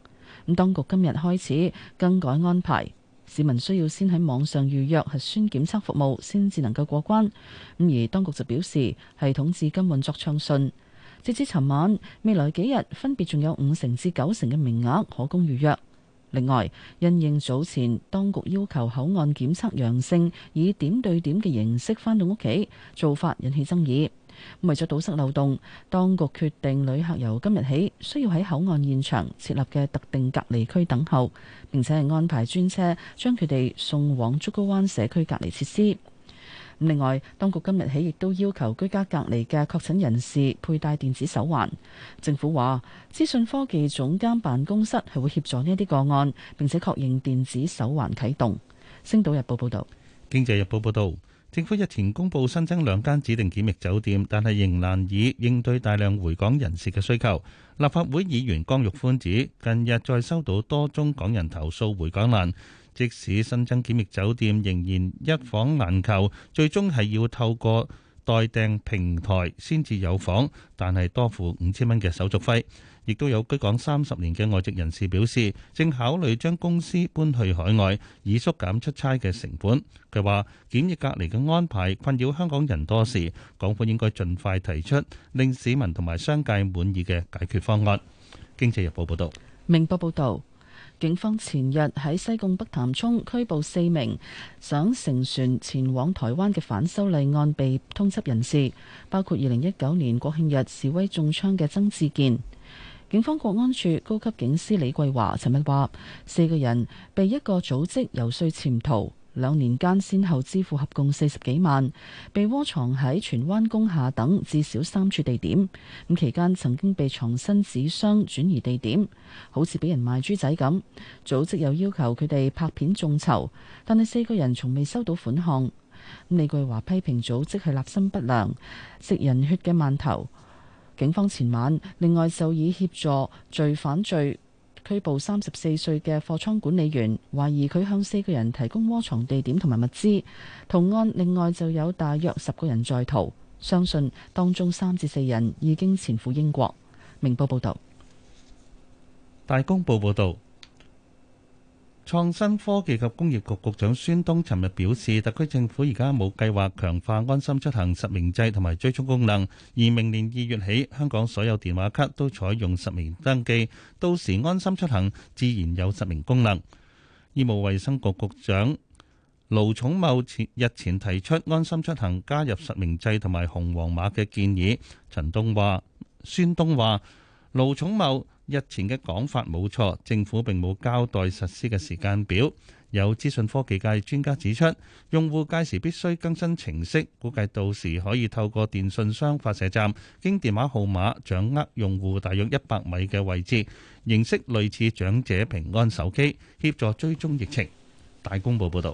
S3: 咁，當局今日開始更改安排。市民需要先喺網上預約核酸檢測服務，先至能夠過關。咁而當局就表示，系統至今運作暢順。截至尋晚，未來幾日分別仲有五成至九成嘅名額可供預約。另外，因應早前當局要求口岸檢測陽性，以點對點嘅形式返到屋企，做法引起爭議。為咗堵塞漏洞，當局決定旅客由今日起需要喺口岸現場設立嘅特定隔離區等候，並且係安排專車將佢哋送往竹篙灣社區隔離設施。另外，當局今日起亦都要求居家隔離嘅確診人士佩戴電子手環。政府話，資訊科技總監辦公室係會協助呢一啲個案，並且確認電子手環啟動。星島日報報道。
S4: 經濟日報報導。政府日前公布新增兩間指定檢疫酒店，但係仍難以應對大量回港人士嘅需求。立法會議員江玉歡指，近日再收到多宗港人投訴回港難，即使新增檢疫酒店，仍然一房難求，最終係要透過代訂平台先至有房，但係多付五千蚊嘅手續費。亦都有居港三十年嘅外籍人士表示，正考慮將公司搬去海外，以縮減出差嘅成本。佢話：檢疫隔離嘅安排困擾香港人多時，港府應該盡快提出令市民同埋商界滿意嘅解決方案。《經濟日報》報道，
S3: 《明報》報道，警方前日喺西貢北潭涌拘捕四名想乘船前往台灣嘅反修例案被通緝人士，包括二零一九年國慶日示威中槍嘅曾志健。警方國安處高級警司李桂華尋日話：四個人被一個組織游說潛逃，兩年間先後支付合共四十幾萬，被窩藏喺荃灣、工廈等至少三處地點。咁期間曾經被藏身紙箱轉移地點，好似俾人賣豬仔咁。組織又要求佢哋拍片眾籌，但係四個人從未收到款項。李桂華批評組織係立心不良，食人血嘅饅頭。警方前晚另外就以協助罪犯罪拘捕三十四歲嘅貨倉管理員，懷疑佢向四個人提供窩藏地點同埋物資。同案另外就有大約十個人在逃，相信當中三至四人已經潛赴英國。明報報道。
S4: 大公報報道。創新科技及工業局局長孫東尋日表示，特區政府而家冇計劃強化安心出行實名制同埋追蹤功能，而明年二月起，香港所有電話卡都採用實名登記，到時安心出行自然有實名功能。醫務衛生局局長盧寵茂前日前提出安心出行加入實名制同埋紅黃碼嘅建議，陳東話，孫東話，盧寵茂日前嘅講法冇錯，政府並冇交代實施嘅時間表。有資訊科技界專家指出，用戶屆時必須更新程式，估計到時可以透過電訊商發射站，經電話號碼掌握用戶大約一百米嘅位置，形式類似長者平安手機，協助追蹤疫情。大公報報導。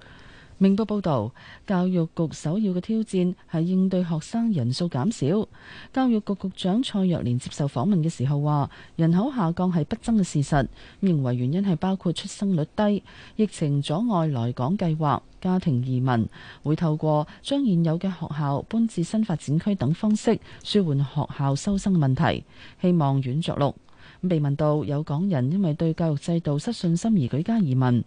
S3: 明報報道，教育局首要嘅挑戰係應對學生人數減少。教育局局長蔡若蓮接受訪問嘅時候話，人口下降係不爭嘅事實，認為原因係包括出生率低、疫情阻礙來港計劃、家庭移民會透過將現有嘅學校搬至新發展區等方式舒緩學校收生問題。希望軟着陸。被問到有港人因為對教育制度失信心而舉家移民，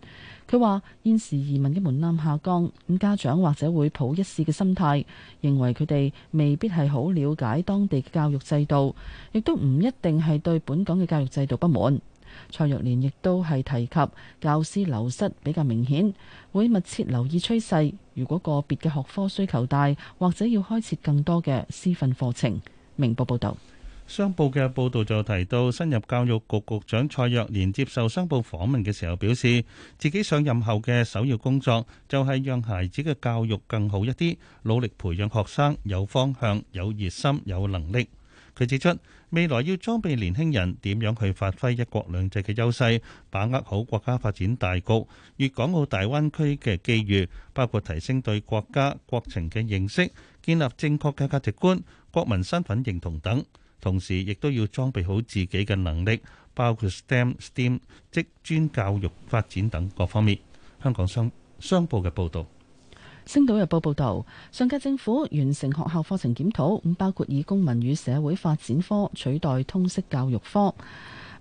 S3: 佢話現時移民嘅門檻下降，咁家長或者會抱一試嘅心態，認為佢哋未必係好了解當地嘅教育制度，亦都唔一定係對本港嘅教育制度不滿。蔡若蓮亦都係提及教師流失比較明顯，會密切留意趨勢，如果個別嘅學科需求大，或者要開設更多嘅師訓課程。明報報道。
S4: 商報嘅報道就提到，新任教育局局長蔡若蓮接受商報訪問嘅時候表示，自己上任後嘅首要工作就係讓孩子嘅教育更好一啲，努力培養學生有方向、有熱心、有能力。佢指出，未來要裝備年輕人點樣去發揮一國兩制嘅優勢，把握好國家發展大局、粵港澳大灣區嘅機遇，包括提升對國家國情嘅認識、建立正確嘅價值觀、國民身份認同等。同時，亦都要裝備好自己嘅能力，包括 ST EM, STEM、STEAM、職專教育發展等各方面。香港商商報嘅報導，
S3: 《星島日報》報導，上屆政府完成學校課程檢討，咁包括以公民與社會發展科取代通識教育科。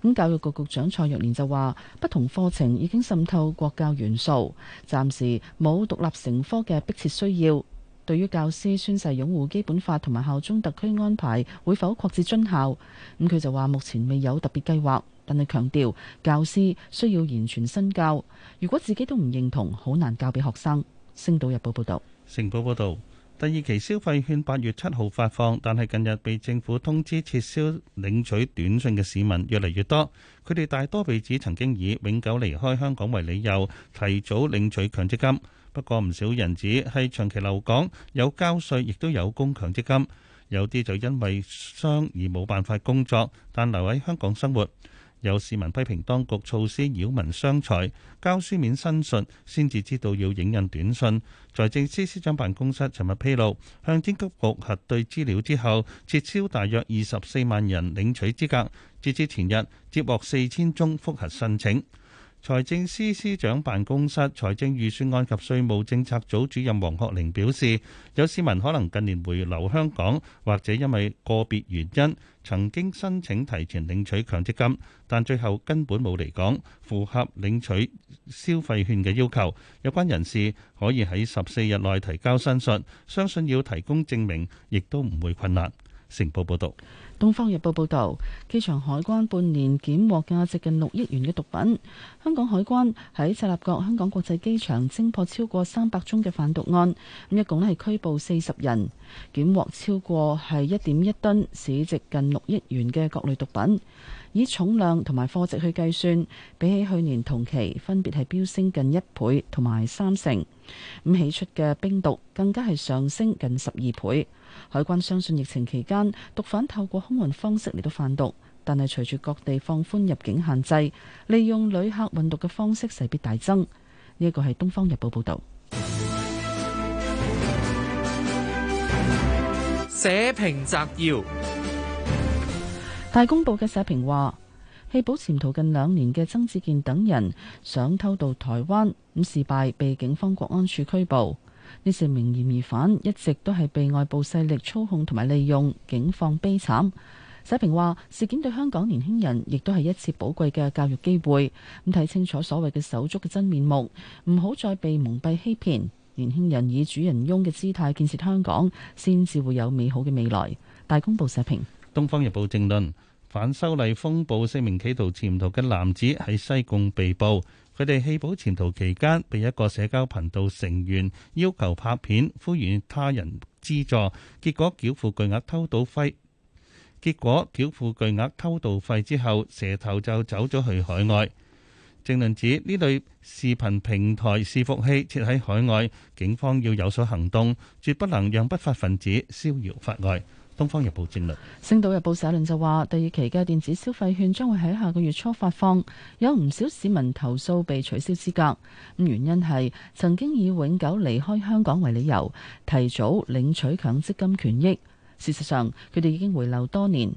S3: 咁教育局局長蔡若蓮就話：不同課程已經滲透國教元素，暫時冇獨立成科嘅迫切需要。對於教師宣誓擁護基本法同埋效忠特區安排，會否擴至津校？咁、嗯、佢就話目前未有特別計劃，但係強調教師需要言傳身教。如果自己都唔認同，好難教俾學生。星島日報報道，
S4: 成報報導，第二期消費券八月七號發放，但係近日被政府通知撤銷領取短信嘅市民越嚟越多。佢哋大多被指曾經以永久離開香港為理由，提早領取強積金。不過唔少人指係長期留港有交稅，亦都有供強積金，有啲就因為傷而冇辦法工作，但留喺香港生活。有市民批評當局措施擾民傷財，交書面申述先至知道要影印短信。財政司司長辦公室尋日披露，向天務局核對資料之後，撤銷大約二十四萬人領取資格，截至前日接獲四千宗覆核申請。財政司司長辦公室財政預算案及稅務政策組主任黃學玲表示，有市民可能近年回流香港，或者因為個別原因曾經申請提前領取強積金，但最後根本冇嚟港，符合領取消費券嘅要求。有關人士可以喺十四日內提交申述，相信要提供證明亦都唔會困難。成報報道。
S3: 《東方日報》報導，機場海關半年檢獲價值近六億元嘅毒品。香港海關喺赤鱲角香港國際機場偵破超過三百宗嘅販毒案，咁一共呢係拘捕四十人，檢獲超過係一點一噸，市值近六億元嘅各類毒品。以重量同埋貨值去計算，比起去年同期分別係飆升近一倍同埋三成。咁起出嘅冰毒更加係上升近十二倍。海關相信疫情期間毒販透過空運方式嚟到販毒，但係隨住各地放寬入境限制，利用旅客運毒嘅方式勢必大增。呢一個係《東方日報》報道。
S7: 社評摘要。大公
S3: 報嘅社評話：棄保潛逃近兩年嘅曾志健等人想偷渡台灣，咁事敗被警方國安處拘捕。呢四名嫌疑犯一直都係被外部勢力操控同埋利用，警方悲慘。社評話事件對香港年輕人亦都係一次寶貴嘅教育機會，咁睇清楚所謂嘅手足嘅真面目，唔好再被蒙蔽欺騙。年輕人以主人翁嘅姿態建設香港，先至會有美好嘅未來。大公報社評。
S4: 《東方日報》評論：反修例風暴，四名企圖潛逃嘅男子喺西貢被捕。佢哋棄保潛逃期間，被一個社交頻道成員要求拍片，呼籲他人資助，結果繳付巨額偷渡費。結果繳付巨額偷渡費之後，蛇頭就走咗去海外。評論指呢類視頻平台伺服器設喺海外，警方要有所行動，絕不能讓不法分子逍遙法外。《東方日報》戰略，
S3: 《星島日報》社論就話：第二期嘅電子消費券將會喺下個月初發放，有唔少市民投訴被取消資格。原因係曾經以永久離開香港為理由，提早領取強積金權益。事實上，佢哋已經回流多年。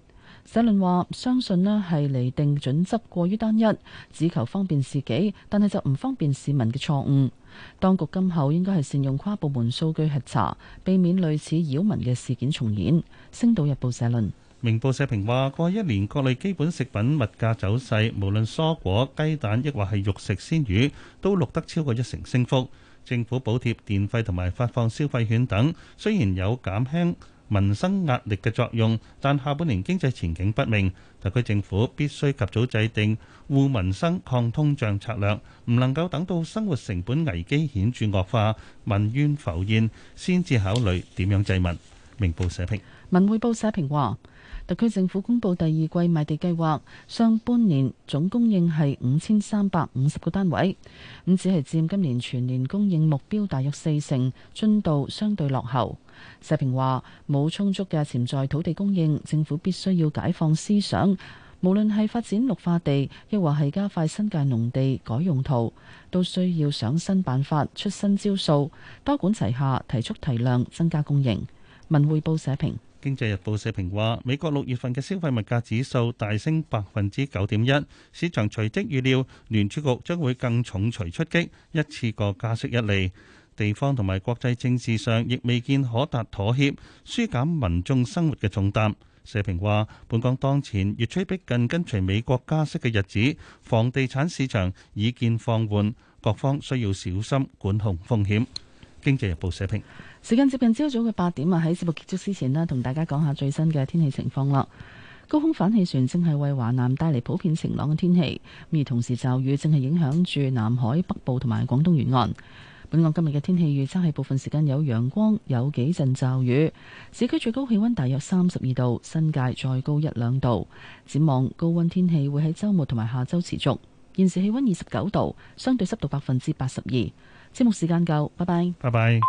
S3: 社論話：相信呢係釐定準則過於單一，只求方便自己，但係就唔方便市民嘅錯誤。當局今後應該係善用跨部門數據核查，避免類似擾民嘅事件重演。星島日報社論，
S4: 明報社評話：過去一年各類基本食品物價走勢，無論蔬果、雞蛋，抑或係肉食鮮魚，都錄得超過一成升幅。政府補貼電費同埋發放消費券等，雖然有減輕。民生壓力嘅作用，但下半年經濟前景不明，特區政府必須及早制定護民生、抗通脹策略，唔能夠等到生活成本危機顯著惡化、民怨浮現先至考慮點樣制民。明報社評，
S3: 文匯報社評話。特區政府公布第二季賣地計劃，上半年總供應係五千三百五十個單位，咁只係佔今年全年供應目標大約四成，進度相對落後。社評話冇充足嘅潛在土地供應，政府必須要解放思想，無論係發展綠化地，亦或係加快新界農地改用途，都需要想新辦法、出新招數，多管齊下，提速提量，增加供應。文匯報社評。
S4: 經濟日報社評話，美國六月份嘅消費物價指數大升百分之九點一，市場隨即預料聯儲局將會更重錘出擊，一次過加息一釐。地方同埋國際政治上亦未見可達妥協，舒減民眾生活嘅重擔。社評話，本港當前越趨逼近跟隨美國加息嘅日子，房地產市場已見放緩，各方需要小心管控風險。經濟日報社評。
S3: 時間接近朝早嘅八點啊，喺節目結束之前咧，同大家講下最新嘅天氣情況啦。高空反氣旋正係為華南帶嚟普遍晴朗嘅天氣，而同時驟雨正係影響住南海北部同埋廣東沿岸。本港今日嘅天氣預測係部分時間有陽光，有幾陣驟雨。市區最高氣溫大約三十二度，新界再高一兩度。展望高溫天氣會喺周末同埋下周持續。現時氣溫二十九度，相對濕度百分
S10: 之八十二。節目時間夠，拜拜，拜拜。